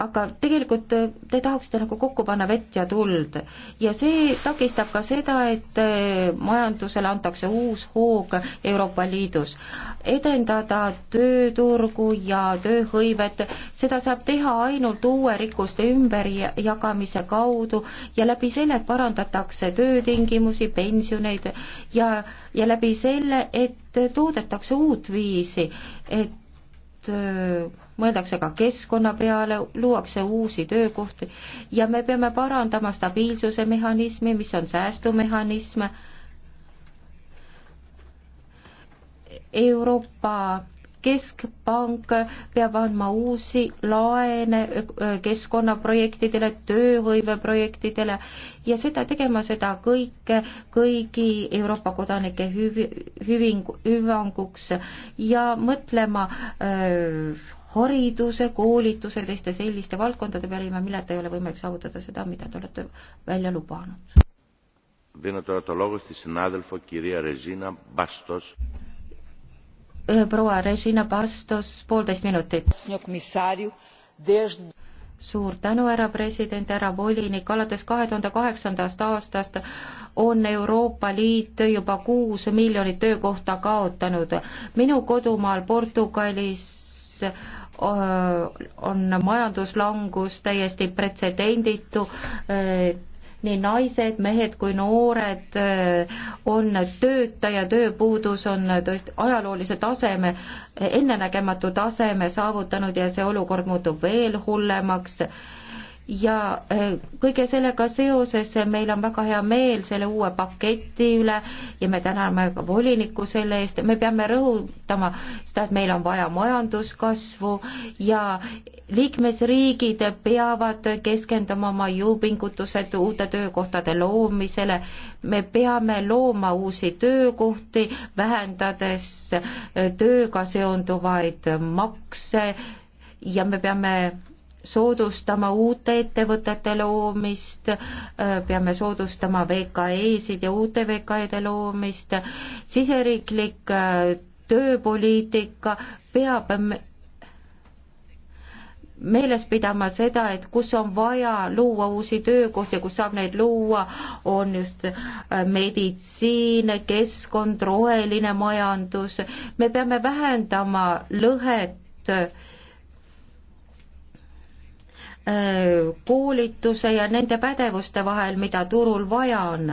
aga tegelikult äh, te tahaksite nagu kokku panna vett ja tuld ja see takistab ka seda, et äh, majandusele antakse uus hoog Euroopa Liidus. edendada tööturgu ja tööhõivet, seda saab teha ainult uue rikkuste ümberjagamise kaudu ja läbi selle parandatakse töötingimusi, pensioneid ja, ja läbi selle, et toodetakse uut viisi, et öö, äh, mõeldakse ka keskkonna peale, luuakse uusi töökohti ja me peame parandama stabiilsuse mehhanismi, mis on säästumehhanism. Euroopa Keskpank peab andma uusi laene keskkonnaprojektidele, tööhõiveprojektidele ja seda tegema seda kõike kõigi Euroopa kodanike hüvi, hüving, hüvanguks ja mõtlema öö, hariduse, koolituse, teiste selliste valdkondade pärima, milleta ei ole võimalik saavutada seda, mida te olete välja lubanud. proua Regina Bastos, poolteist minutit suur tänu, härra president, härra volinik, alates kahe tuhande kaheksandast aastast on Euroopa Liit juba kuus miljonit töökohta kaotanud. minu kodumaal Portugalis on majanduslangus täiesti pretsedenditu, nii naised, mehed kui noored on tööta ja tööpuudus on tõesti ajaloolise taseme, ennenägematu taseme saavutanud ja see olukord muutub veel hullemaks ja äh, kõige sellega seoses meil on väga hea meel selle uue paketi üle ja me täname ka volinikku selle eest, me peame rõhutama seda, et meil on vaja majanduskasvu ja liikmesriigid peavad keskenduma oma jõupingutused uute töökohtade loomisele, me peame looma uusi töökohti, vähendades äh, tööga seonduvaid makse ja me peame soodustama uute ettevõtete loomist, äh, peame soodustama VKE-sid ja uute VKE-de loomist, siseriiklik äh, tööpoliitika peab meeles pidama seda, et kus on vaja luua uusi töökohti, kus saab neid luua, on just äh, meditsiin, keskkond, roheline majandus, me peame vähendama lõhet Äh, koolituse ja nende pädevuste vahel, mida turul vaja on.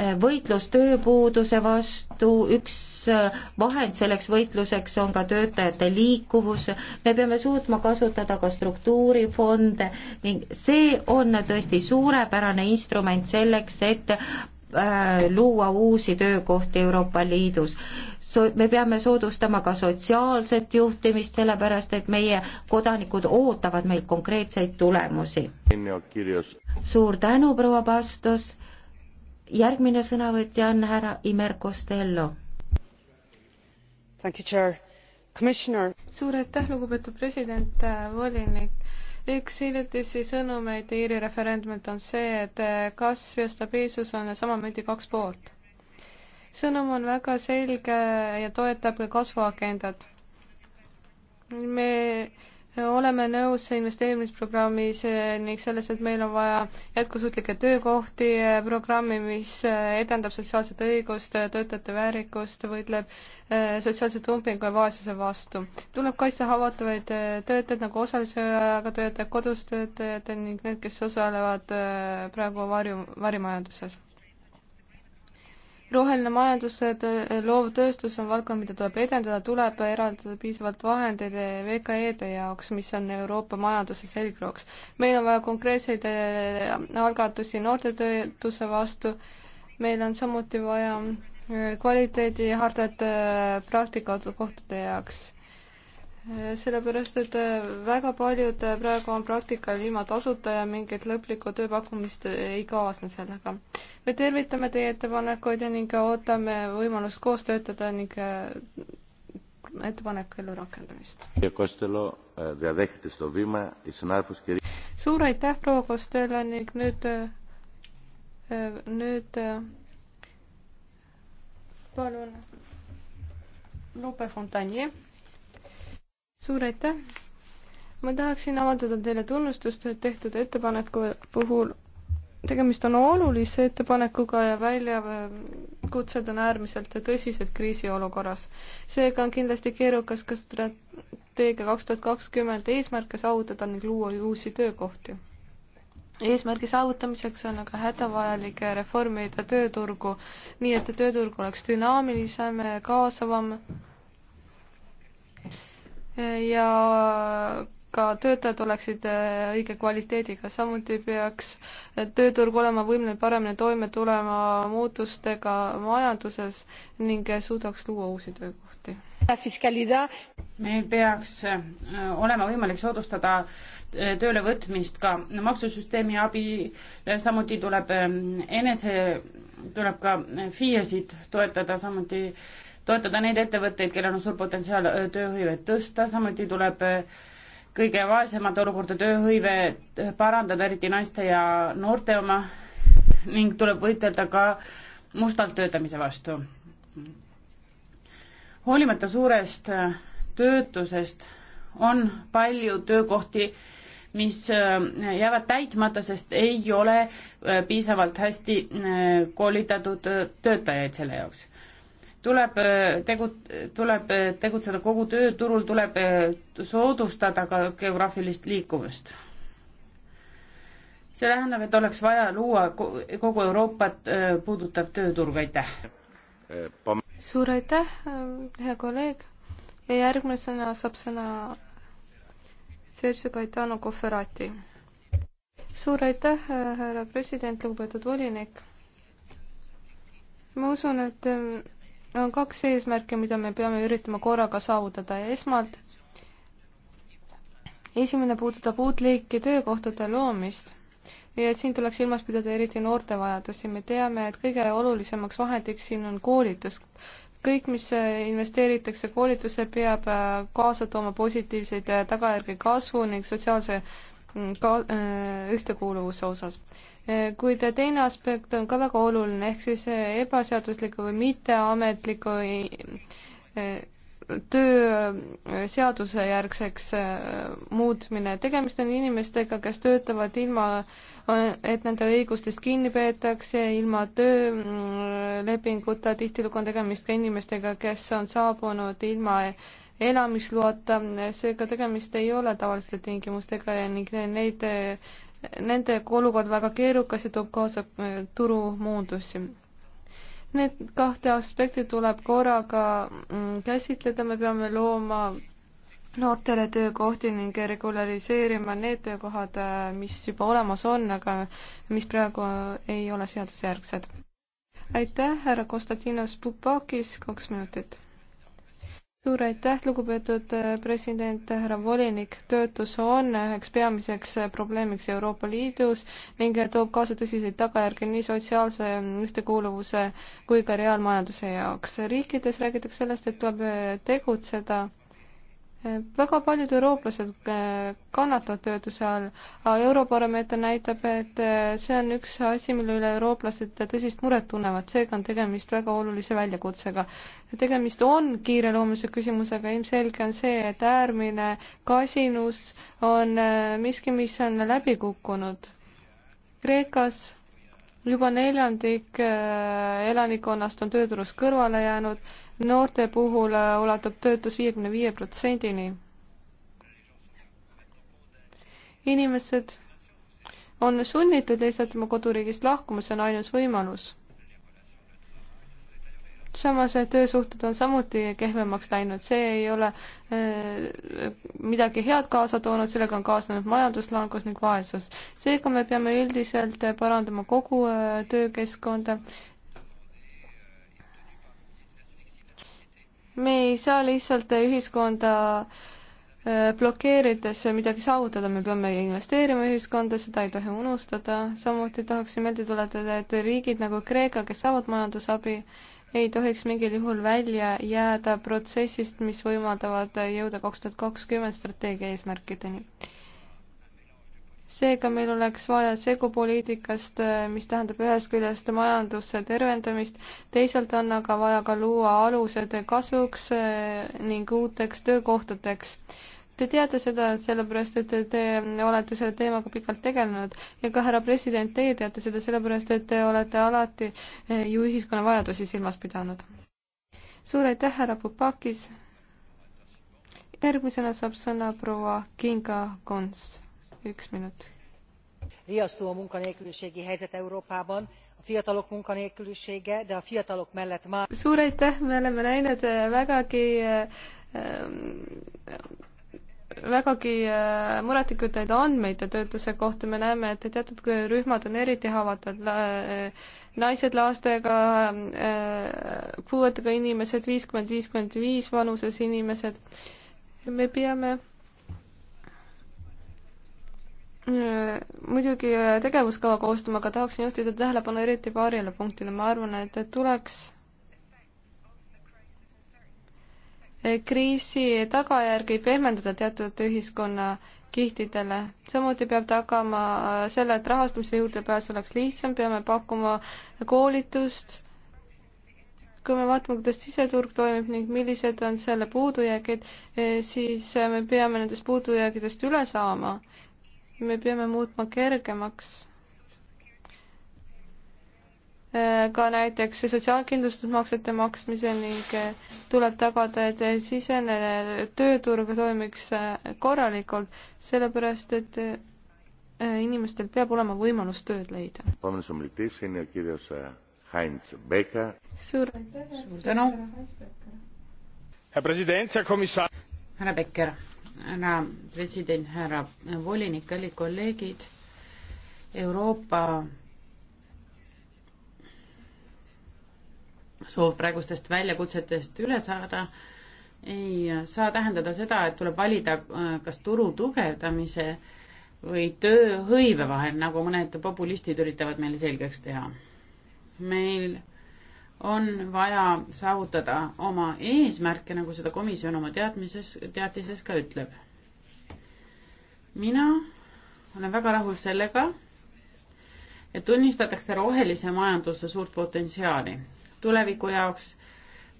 Äh, võitlus tööpuuduse vastu, üks äh, vahend selleks võitluseks on ka töötajate liikuvus, me peame suutma kasutada ka struktuurifonde ning see on tõesti suurepärane instrument selleks, et luua uusi töökohti Euroopa Liidus so-, me peame soodustama ka sotsiaalset juhtimist, sellepärast et meie kodanikud ootavad meilt konkreetseid tulemusi. suur tänu, proua Pastus, järgmine sõnavõtja on härra Imer Costello. suur aitäh, lugupeetud president, äh, volinik üks hiljutisi sõnumeid Iiri referendumilt on see, et äh, kasv ja stabiilsus on samamoodi kaks poolt sõnum on väga selge ja toetab kasvuagendat. me oleme nõus investeerimisprogrammis eh, ning selles, et meil on vaja jätkusuutlikke töökohti, eh, programmi, mis eh, edendab sotsiaalset õigust, töötajate väärikust, võitleb sotsiaalse dumpingu ja vaesuse vastu. tuleb kaitsta haavatavaid töötajaid nagu osalise ajaga töötajad, kodus töötajad ning need, kes osalevad praegu varju, varimajanduses roheline majandus, eh, loov tööstus on valdkond, mida tuleb edendada, tuleb eraldada piisavalt vahendeid eh, VKE-de jaoks, mis on Euroopa majanduse selgrooks. meil on vaja konkreetseid eh, algatusi noortetöötuse vastu, meil on samuti vaja kvaliteedihardat praktikakohtade jaoks sellepärast, et äh, väga paljud äh, praegu on praktikal ilma tasuta ja mingit lõplikku tööpakkumist ei kaasne sellega. me tervitame teie ettepanekuid ning ootame võimalust koos töötada ning äh, ettepaneku ellu rakendamist. suur aitäh proua Costello ning nüüd, nüüd palun Lupe Fontanier suur aitäh! ma tahaksin avaldada teile tunnustust tehtud ettepaneku puhul. tegemist on olulise ettepanekuga ja väljakutsed on äärmiselt tõsised kriisiolukorras. seega on kindlasti keerukas ka strateegia kaks tuhat kakskümmend eesmärke saavutada ning luua uusi töökohti. eesmärgi saavutamiseks on aga hädavajalik reformida tööturgu, nii et tööturg oleks dünaamilisem, kaasavam ja ka töötajad oleksid äh, õige kvaliteediga, samuti peaks äh, tööturg olema võimeline paremini toime tulema muutustega majanduses ning äh, suudaks luua uusi töökohti. meil peaks olema võimalik soodustada töölevõtmist ka maksusüsteemi abil, samuti tuleb enese, tuleb ka FIE-sid toetada, samuti äh, toetada neid ettevõtteid, kellel on suur potentsiaal tööhõivet tõsta, samuti tuleb kõige vaesemate olukorda tööhõive äh, parandada, eriti naiste ja noorte oma ning tuleb võidelda ka mustalt töötamise vastu. hoolimata suurest äh, töötusest on palju töökohti, mis äh, jäävad täitmata, sest ei ole piisavalt hästi koolitatud töötajaid selle jaoks tuleb äh, tegu, tuleb äh, tegutseda kogu tööturul, tuleb äh, soodustada ka geograafilist liikumist. see tähendab, et oleks vaja luua kogu Euroopat puudutav tööturg, aitäh! suur aitäh, hea kolleeg! ja järgmisena saab sõna Sergei Gaetano Cofferati. suur aitäh, härra president, lugupeetud volinik! ma usun, et ähm, on kaks eesmärki, mida me peame üritama korraga saavutada ja esmalt esimene puudutab uut liiki töökohtade loomist ja siin tuleks silmas pidada eriti noorte vajadusi, me teame, et kõige olulisemaks vahendiks siin on koolitus. kõik, mis investeeritakse koolitusse, peab äh, kaasa tooma positiivseid äh, tagajärgi kasvu ning sotsiaalse mm, ka-, äh, ühtekuuluvuse osas kuid teine aspekt on ka väga oluline, ehk siis ebaseadusliku või mitteametliku eh, töö seadusejärgseks eh, muutmine. tegemist on inimestega, kes töötavad ilma, et nende õigustest kinni peetakse, ilma töölepinguta, mm, tihtilugu on tegemist ka inimestega, kes on saabunud ilma elamisloata, seega tegemist ei ole tavaliste tingimustega ning neid eh, nende olukord väga keerukas ja toob kaasa äh, turumuundusi. Need kahte aspekti tuleb korraga mm, käsitleda, me peame looma noortele töökohti ning regulariseerima need töökohad, äh, mis juba olemas on, aga mis praegu ei ole seadusjärgsed. aitäh, härra Konstantinos Pupakis, kaks minutit suur aitäh, lugupeetud äh, president, härra volinik. töötus on üheks peamiseks äh, probleemiks Euroopa Liidus ning äh, toob kaasa tõsiseid tagajärgi nii sotsiaalse ühtekuuluvuse kui ka reaalmajanduse jaoks. riikides räägitakse sellest, et tuleb tegutseda väga paljud eurooplased äh, kannatavad töötuse all, aga Eurobaromeeter näitab, et äh, see on üks asi, mille üle eurooplased tõsist muret tunnevad, seega on tegemist väga olulise väljakutsega. tegemist on kiireloomulise küsimusega, ilmselge on see, et äärmine kasinus on äh, miski, mis on läbi kukkunud. Kreekas juba neljandik äh, elanikkonnast on tööturust kõrvale jäänud, noorte puhul äh, ulatub töötus viiekümne viie protsendini. inimesed on sunnitud lihtsalt oma koduriigist lahkuma, see on ainus võimalus samas töösuhted on samuti kehvemaks läinud, see ei ole äh, midagi head kaasa toonud, sellega on kaasnenud majanduslangus ning vaesus. seega me peame üldiselt parandama kogu äh, töökeskkonda. me ei saa lihtsalt ühiskonda äh, blokeerides midagi saavutada, me peame investeerima ühiskonda, seda ei tohi unustada, samuti tahaksin meelde tuletada, et riigid nagu Kreeka, kes saavad majandusabi, ei tohiks mingil juhul välja jääda protsessist, mis võimaldavad jõuda kaks tuhat kakskümmend strateegia eesmärkideni. seega meil oleks vaja segu poliitikast, mis tähendab ühest küljest majanduse tervendamist, teisalt on aga vaja ka luua alused kasvuks eh, ning uuteks töökohtadeks Te teate seda, sellepärast et te olete selle teemaga pikalt tegelenud ja ka härra president, teie teate seda sellepärast, et te olete alati eh, ju ühiskonna vajadusi silmas pidanud. suur aitäh, härra Pupakis. järgmisena saab sõna proua Kinga Kons, üks minut. riasztó a munkanélküliségi helyzet Európában, a fiatalok munkanélkülisége, de a fiatalok mellett már... Suur aitäh, me oleme näinud eh, vägagi äh, vägagi äh, murettekütvaid andmeid töötuse kohta, me näeme, et teatud rühmad on eriti haavatavad, äh, naised lastega, äh, puuetega inimesed, viiskümmend, viiskümmend viis vanuses inimesed, me peame muidugi tegevuskava koostama, aga tahaksin juhtida tähelepanu eriti paarile punktile, ma arvan, et, et tuleks kriisi tagajärgi pehmendada teatud ühiskonnakihtidele. samuti peab tagama äh, selle, et rahastamise juurdepääs oleks lihtsam, peame pakkuma koolitust, kui me vaatame, kuidas siseturg toimib ning millised on selle puudujäägid, äh, siis äh, me peame nendest puudujäägidest üle saama. me peame muutma kergemaks Äh, ka näiteks sotsiaalkindlustusmaksete maksmisel ning äh, tuleb tagada, et sisenene tööturg toimiks äh, korralikult, sellepärast et inimestel peab olema võimalus tööd leida. suur tänu. härra Becker, härra president, härra volinik, kallid kolleegid, Euroopa soov praegustest väljakutsetest üle saada ei saa tähendada seda, et tuleb valida äh, kas turu tugevdamise või tööhõive vahel, nagu mõned populistid üritavad meile selgeks teha. meil on vaja saavutada oma eesmärke, nagu seda komisjon oma teadmises, teatises ka ütleb. mina olen väga rahul sellega, tunnistatakse rohelise majanduse suurt potentsiaali. tuleviku jaoks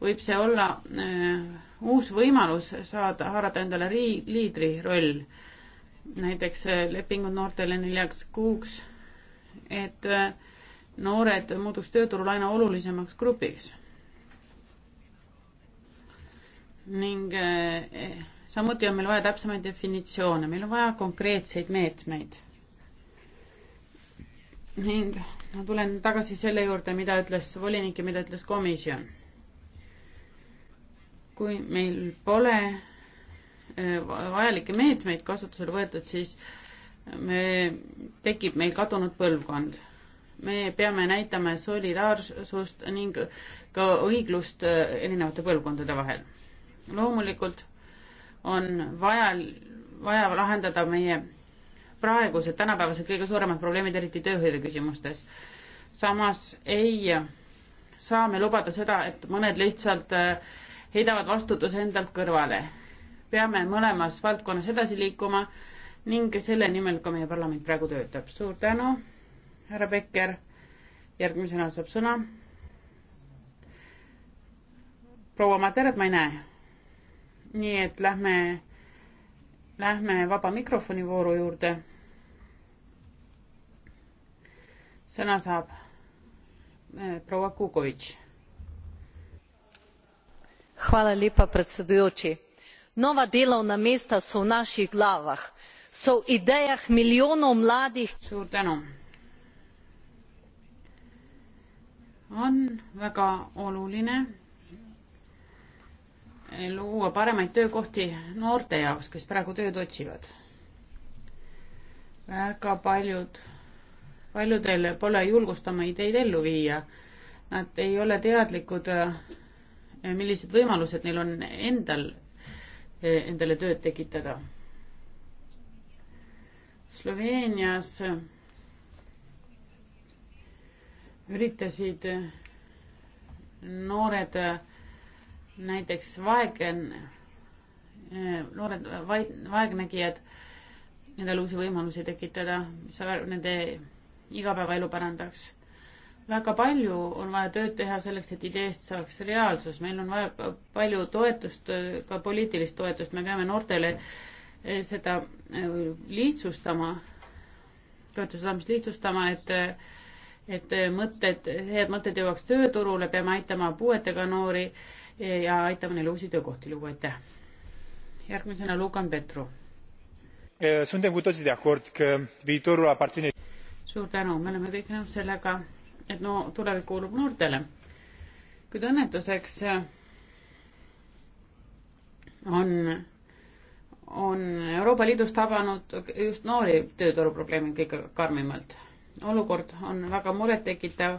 võib see olla äh, uus võimalus saada, haarata endale rii-, liidri roll. näiteks äh, lepingud noortele neljaks kuuks, et äh, noored muutuks tööturul aina olulisemaks grupiks. ning äh, samuti on meil vaja täpsemaid definitsioone, meil on vaja konkreetseid meetmeid ning ma tulen tagasi selle juurde, mida ütles volinik ja mida ütles komisjon. kui meil pole äh, vajalikke meetmeid kasutusele võetud, siis me, tekib meil kadunud põlvkond. me peame näitama solidaarsust ning ka õiglust äh, erinevate põlvkondade vahel. loomulikult on vaja, vaja lahendada meie praegused, tänapäevased kõige suuremad probleemid, eriti tööhõive küsimustes. samas ei saa me lubada seda, et mõned lihtsalt äh, heidavad vastutuse endalt kõrvale. peame mõlemas valdkonnas edasi liikuma ning selle nimel ka meie parlament praegu töötab. suur tänu, härra Becker. järgmisena saab sõna. proua Materet ma ei näe. nii et lähme Lähme vaba mikrofoni vooru juurde. sõna saab äh, proua Kukovitš. Hvala lepa, predsedujoči. Nova delovna mesta so v naših glavah, so v idejah milijonov mladih. suur tänu. on väga oluline luua paremaid töökohti noorte jaoks, kes praegu tööd otsivad. väga paljud, paljudel pole julgust oma ideid ellu viia. Nad ei ole teadlikud, eh, millised võimalused neil on endal, eh, endale tööd tekitada. Sloveenias eh, üritasid noored näiteks vaegen, eh, noored vaid, vaegnägijad, nendele uusi võimalusi tekitada, mis nende igapäevaelu parandaks. väga palju on vaja tööd teha selleks, et ideest saaks reaalsus, meil on vaja palju toetust, ka poliitilist toetust, me peame noortele eh, seda eh, lihtsustama, toetuse saamist lihtsustama, et et mõtted, head mõtted jõuaks tööturule, peame aitama puuetega noori äh, ja aitame neile uusi töökohti luua, aitäh. järgmisena Lukan Petru. Eh, suur tänu, me oleme kõik nõus sellega, et no tulevik kuulub noortele. kuid õnnetuseks eh, on on Euroopa Liidus tabanud just noori tööturu probleemid kõige karmimalt. olukord on väga murettekitav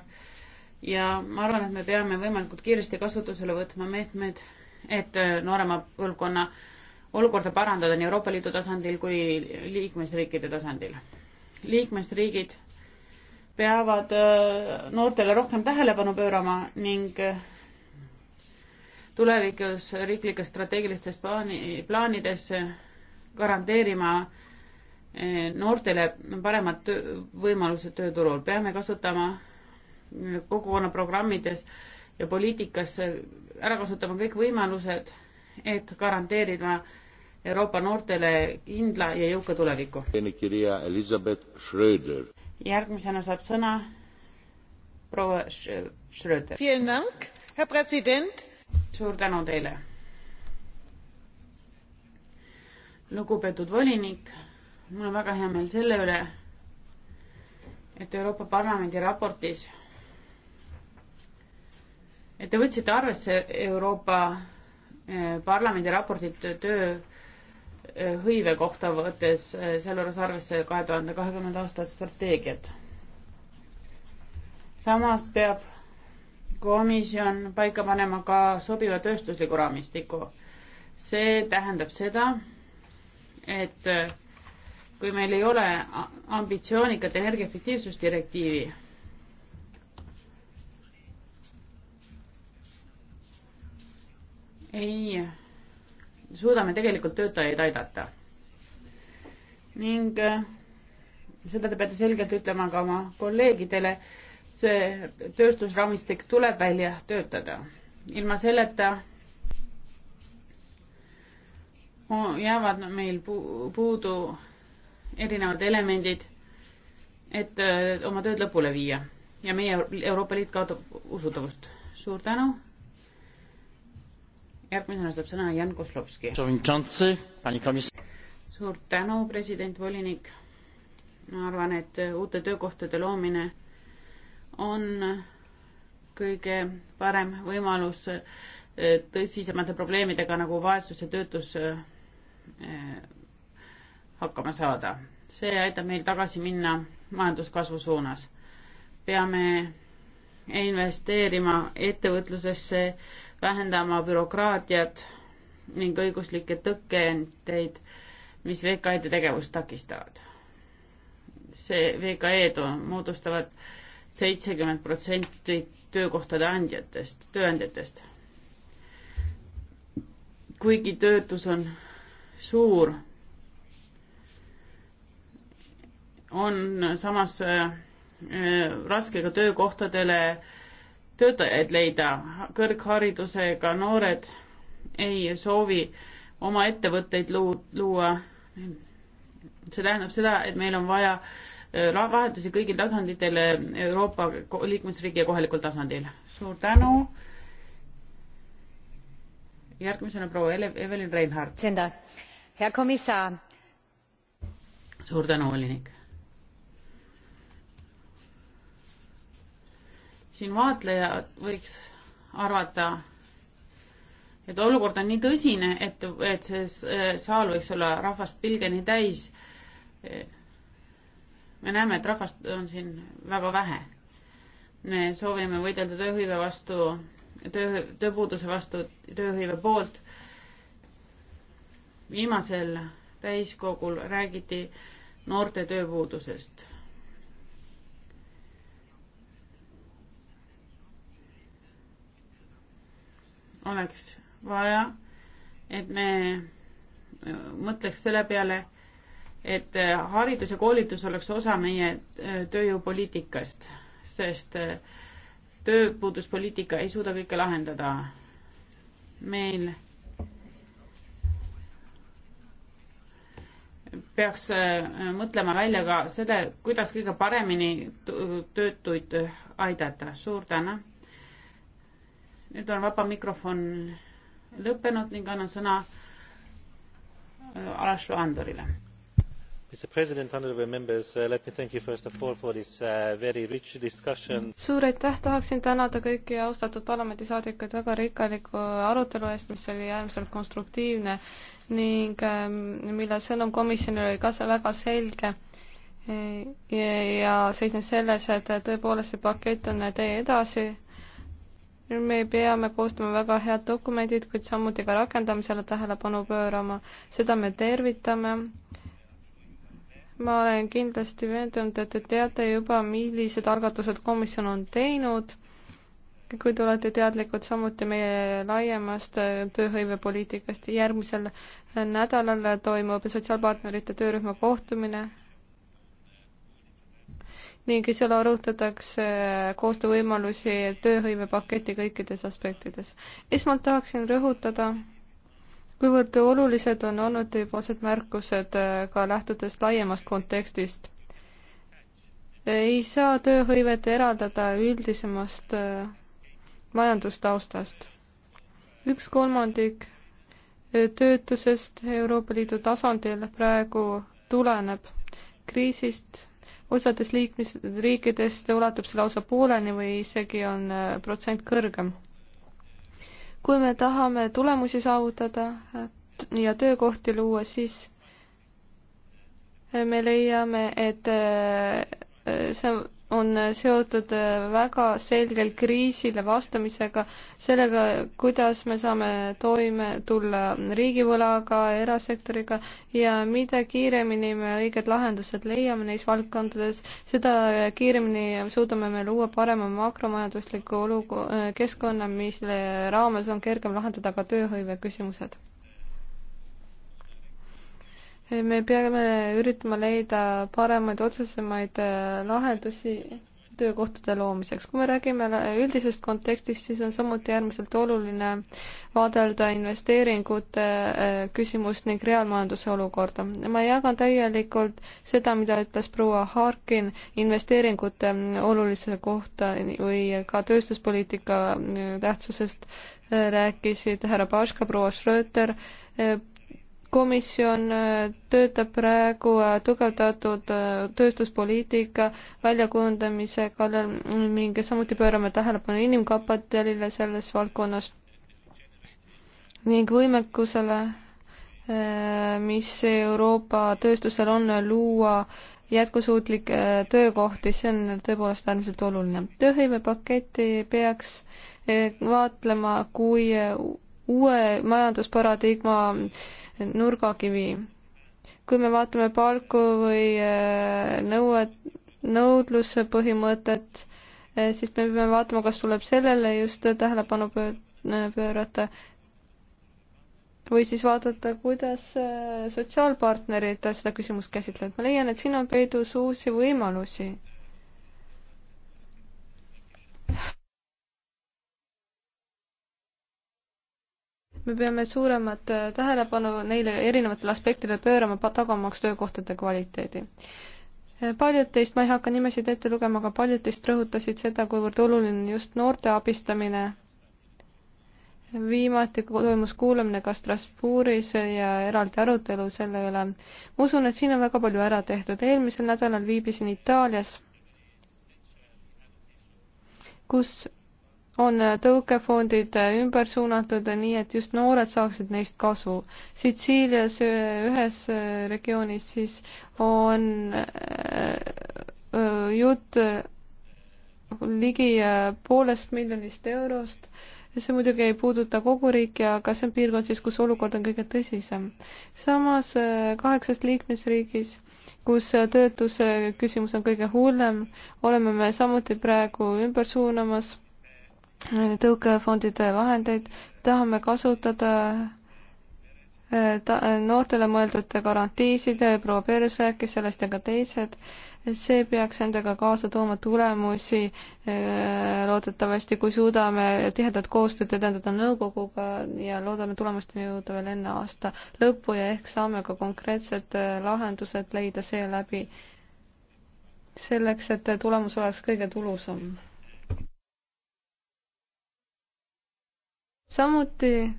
ja ma arvan, et me peame võimalikult kiiresti kasutusele võtma meetmed, et äh, noorema põlvkonna olukorda parandada nii Euroopa Liidu tasandil kui liikmesriikide tasandil. liikmesriigid peavad äh, noortele rohkem tähelepanu pöörama ning äh, tulevikus riiklikes strateegilistes plaani, plaanides garanteerima noortele paremad töö, võimalused tööturul. peame kasutama kogukonna programmides ja poliitikas ära kasutama kõik võimalused, et garanteerida Euroopa noortele kindla ja jõuka tuleviku. järgmisena saab sõna proua Schröder. suur tänu teile. lugupeetud volinik, mul on väga hea meel selle üle, et Euroopa Parlamendi raportis Te võtsite arvesse Euroopa eh, Parlamendi raportit tööhõive eh, kohta, võttes eh, sealjuures arvesse kahe tuhande kahekümnenda aasta strateegiat. samas peab komisjon paika panema ka sobiva tööstusliku raamistiku. see tähendab seda, et kui meil ei ole ambitsioonikat energiaefektiivsusdirektiivi, ei suuda me tegelikult töötajaid aidata. ning äh, seda te peate selgelt ütlema ka oma kolleegidele, see tööstusraamistik tuleb välja töötada. ilma selleta jäävad meil puudu erinevad elemendid, et äh, oma tööd lõpule viia ja meie Euroopa Liit kaotab usutavust. suur tänu järgmisena saab sõna Jan Kozlovski. suur tänu, president, volinik. ma arvan, et uute töökohtade loomine on kõige parem võimalus eh, tõsisemate probleemidega nagu vaesus ja töötus eh, hakkama saada. see aitab meil tagasi minna majanduskasvu suunas. peame investeerima ettevõtlusesse, vähendama bürokraatiat ning õiguslikke tõkendeid, mis VKE-de tegevust takistavad. see VKE-d moodustavad seitsekümmend protsenti töökohtade andjatest, tööandjatest. kuigi töötus on suur, on samas äh, raske ka töökohtadele äh, töötajaid leida. kõrgharidusega noored ei soovi oma ettevõtteid luua. see tähendab seda, et meil on vaja äh, vahetusi kõigil tasanditel äh, Euroopa liikmesriigi ja kohalikul tasandil. suur tänu. järgmisena proua Evelyn Reinhardt. hea komissar. suur tänu, volinik siin vaatleja võiks arvata, et olukord on nii tõsine, et, et see eh, saal võiks olla rahvast pilgeni täis. me näeme, et rahvast on siin väga vähe. me soovime võidelda tööhõive vastu, töö, tööpuuduse vastu tööhõive poolt. viimasel täiskogul räägiti noorte tööpuudusest oleks vaja, et me äh, mõtleks selle peale, et äh, haridus ja koolitus oleks osa meie äh, tööjõupoliitikast, sest tööpuuduspoliitika ei suuda kõike lahendada. meil peaks mõtlema välja ka seda, kuidas kõige paremini töötuid aidata. suur tänu nüüd on vaba mikrofon lõppenud ning annan sõna äh, Alaslo Andorile. Mr President, honorable members, uh, let me thank you first of all for this uh, very rich discussion. suur aitäh, tahaksin tänada kõiki austatud parlamendisaadikuid väga rikkaliku arutelu eest, mis oli äärmiselt konstruktiivne ning ähm, mille sõnum komisjonile oli ka väga selge ja, ja seisnes selles, et tõepoolest see pakett on äh, tee edasi me peame koostama väga head dokumendid, kuid samuti ka rakendamisele tähelepanu pöörama, seda me tervitame. ma olen kindlasti veendunud, et te teate juba, millised algatused komisjon on teinud, kui te olete teadlikud samuti meie laiemast tööhõivepoliitikast. järgmisel nädalal toimub sotsiaalpartnerite töörühma kohtumine ning seal arutatakse koostöövõimalusi tööhõivepaketi kõikides aspektides. esmalt tahaksin rõhutada, kuivõrd olulised on olnud teiepoolsed märkused äh, ka lähtudes laiemast kontekstist. ei saa tööhõivet eraldada üldisemast äh, majandustaustast. üks kolmandik äh, töötusest Euroopa Liidu tasandil praegu tuleneb kriisist osades liikmesriikidest ulatub see lausa pooleni või isegi on äh, protsent kõrgem. kui me tahame tulemusi saavutada ja töökohti luua, siis äh, me leiame, et äh, see on seotud äh, väga selgelt kriisile vastamisega, sellega, kuidas me saame toime tulla riigivõlaga, erasektoriga ja mida kiiremini me õiged lahendused leiame neis valdkondades, seda kiiremini suudame me luua parema makromajandusliku olu-, äh, keskkonna, mille raames on kergem lahendada ka tööhõive küsimused me peame üritama leida paremaid, otsesemaid äh, lahendusi töökohtade loomiseks. kui me räägime üldisest kontekstist, siis on samuti äärmiselt oluline vaadelda investeeringute äh, küsimust ning reaalmajanduse olukorda. ma jagan täielikult seda, mida ütles proua Harkin investeeringute mm, olulisuse kohta või ka tööstuspoliitika mm, tähtsusest äh, rääkisid härra Paška, proua Schröter, komisjon äh, töötab praegu äh, tugevdatud äh, tööstuspoliitika väljakujundamise kallal ning samuti pöörame tähelepanu inimkapitalile selles valdkonnas ning võimekusele, mis Euroopa tööstusel on luua jätkusuutlikke töökohti, see on tõepoolest äärmiselt oluline. tööhõivepaketti peaks vaatlema kui uue majandusparadigma nurgakivi. kui me vaatame palku või äh, nõue, nõudluse põhimõtet, äh, siis me peame vaatama, kas tuleb sellele just tähelepanu äh, pöörata või siis vaadata, kuidas sotsiaalpartnerid seda küsimust käsitlevad. ma leian, et siin on peidus uusi võimalusi me peame suuremat äh, tähelepanu neile erinevatele aspektidele pöörama, tagamaks töökohtade kvaliteedi. Äh, paljud teist, ma ei hakka nimesid ette lugema, aga paljud teist rõhutasid seda, kuivõrd oluline on just noorte abistamine. viimati toimus kuulamine ka Strasbourgis ja eraldi arutelu selle üle. ma usun, et siin on väga palju ära tehtud, eelmisel nädalal viibisin Itaalias, kus on tõukefondid ümber suunatud nii, et just noored saaksid neist kasu. Sitsiilias ühes regioonis siis on äh, jutt äh, ligi äh, poolest miljonist eurost. see muidugi ei puuduta kogu riiki, aga see on piirkond siis, kus olukord on kõige tõsisem. samas kaheksas liikmesriigis kus töötuse küsimus on kõige hullem, oleme me samuti praegu ümber suunamas tõukefondide vahendeid tahame kasutada eh, ta, noortele mõeldud garantiisid, proua Peres rääkis sellest ja ka teised, see peaks endaga kaasa tooma tulemusi eh, loodetavasti, kui suudame tihedat koostööd edendada nõukoguga ja loodame tulemusteni jõuda veel enne aasta lõppu ja ehk saame ka konkreetsed eh, lahendused leida seeläbi, selleks et tulemus oleks kõige tulusam. samuti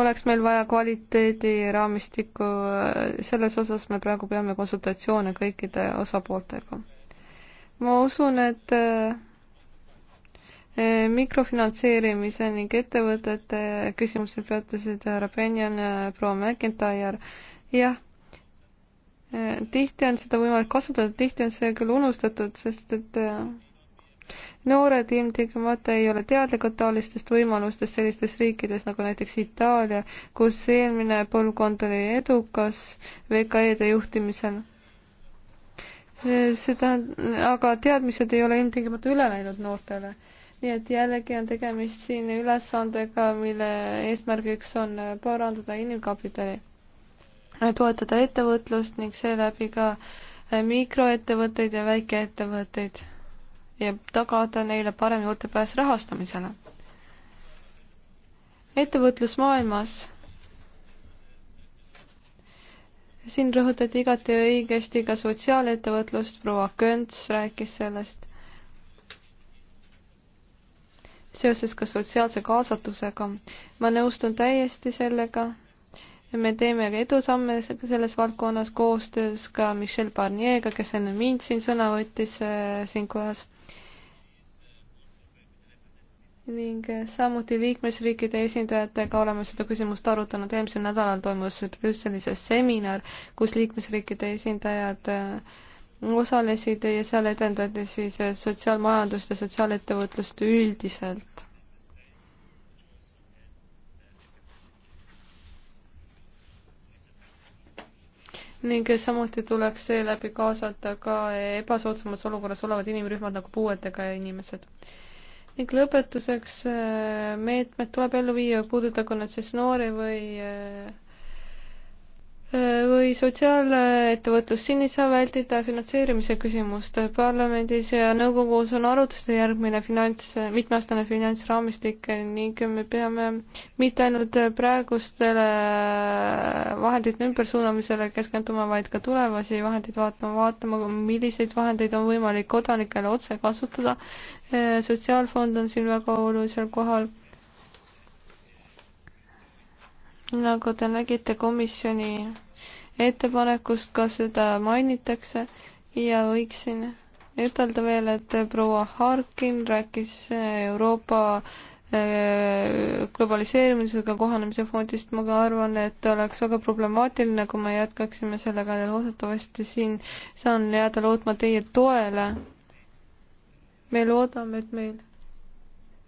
oleks meil vaja kvaliteediraamistikku, selles osas me praegu peame konsultatsioone kõikide osapooltega. ma usun, et eh, mikrofinantseerimise ning ettevõtete küsimusel peatusid härra Benjan ja proua McIntyre, jah, eh, tihti on seda võimalik kasutada, tihti on see küll unustatud, sest et eh, noored ilmtingimata ei ole teadlikud taolistest võimalustest sellistes riikides nagu näiteks Itaalia, kus eelmine põlvkond oli edukas VKE-de juhtimisel. see tähendab, aga teadmised ei ole ilmtingimata üle läinud noortele. nii et jällegi on tegemist siin ülesandega, mille eesmärgiks on parandada inimkapitali, toetada ettevõtlust ning seeläbi ka mikroettevõtteid ja väikeettevõtteid ja tagada neile parem juurdepääs rahastamisele. ettevõtlusmaailmas siin rõhutati igati õigesti ka sotsiaalettevõtlust, proua Könts rääkis sellest. seoses ka sotsiaalse kaasatusega. ma nõustun täiesti sellega. me teeme ka edusamme selles valdkonnas koostöös ka Michel Barnier'ga, kes enne mind siin sõna võttis äh, siin kohas ning samuti liikmesriikide esindajatega oleme seda küsimust arutanud, eelmisel nädalal toimus Brüsselis seminar, kus liikmesriikide esindajad äh, osalesid ja seal edendati siis äh, sotsiaalmajandust ja sotsiaalettevõtlust üldiselt. ning samuti tuleks seeläbi kaasata ka ebasoodsamas olukorras olevad inimrühmad nagu puuetega inimesed ning lõpetuseks äh, meetmed tuleb ellu viia, puudutagu nad siis noori või äh, või sotsiaalettevõtlus, siin ei saa vältida finantseerimise küsimust. parlamendis ja nõukogus on arutluste järgmine finants, mitmeaastane finantsraamistik ning me peame mitte ainult praegustele vahendite ümbersuunamisele keskenduma, vaid ka tulevasi vahendeid vaatama, vaatama, milliseid vahendeid on võimalik kodanikele otse kasutada. sotsiaalfond on siin väga olulisel kohal nagu te nägite komisjoni ettepanekust, ka seda mainitakse ja võiksin ütelda veel, et proua Harkin rääkis Euroopa äh, globaliseerimisega kohanemise fondist, ma ka arvan, et oleks väga problemaatiline, kui me jätkaksime sellega ja loodetavasti siin saan jääda lootma teie toele. me loodame, et meil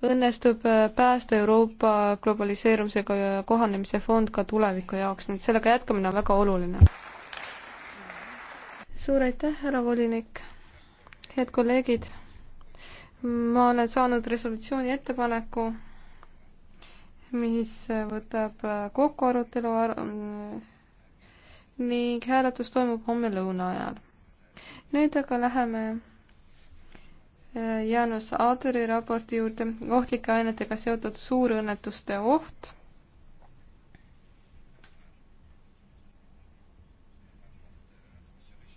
õnnestub äh, päästa Euroopa globaliseerumisega kohanemise fond ka tuleviku jaoks, nii et sellega jätkamine on väga oluline. suur aitäh, härra volinik. head kolleegid, ma olen saanud resolutsiooni ettepaneku, mis võtab äh, kokku arutelu ar ning hääletus toimub homme lõuna ajal. nüüd aga läheme Jaanus Aaduri raporti juurde ohtlike ainetega seotud suurõnnetuste oht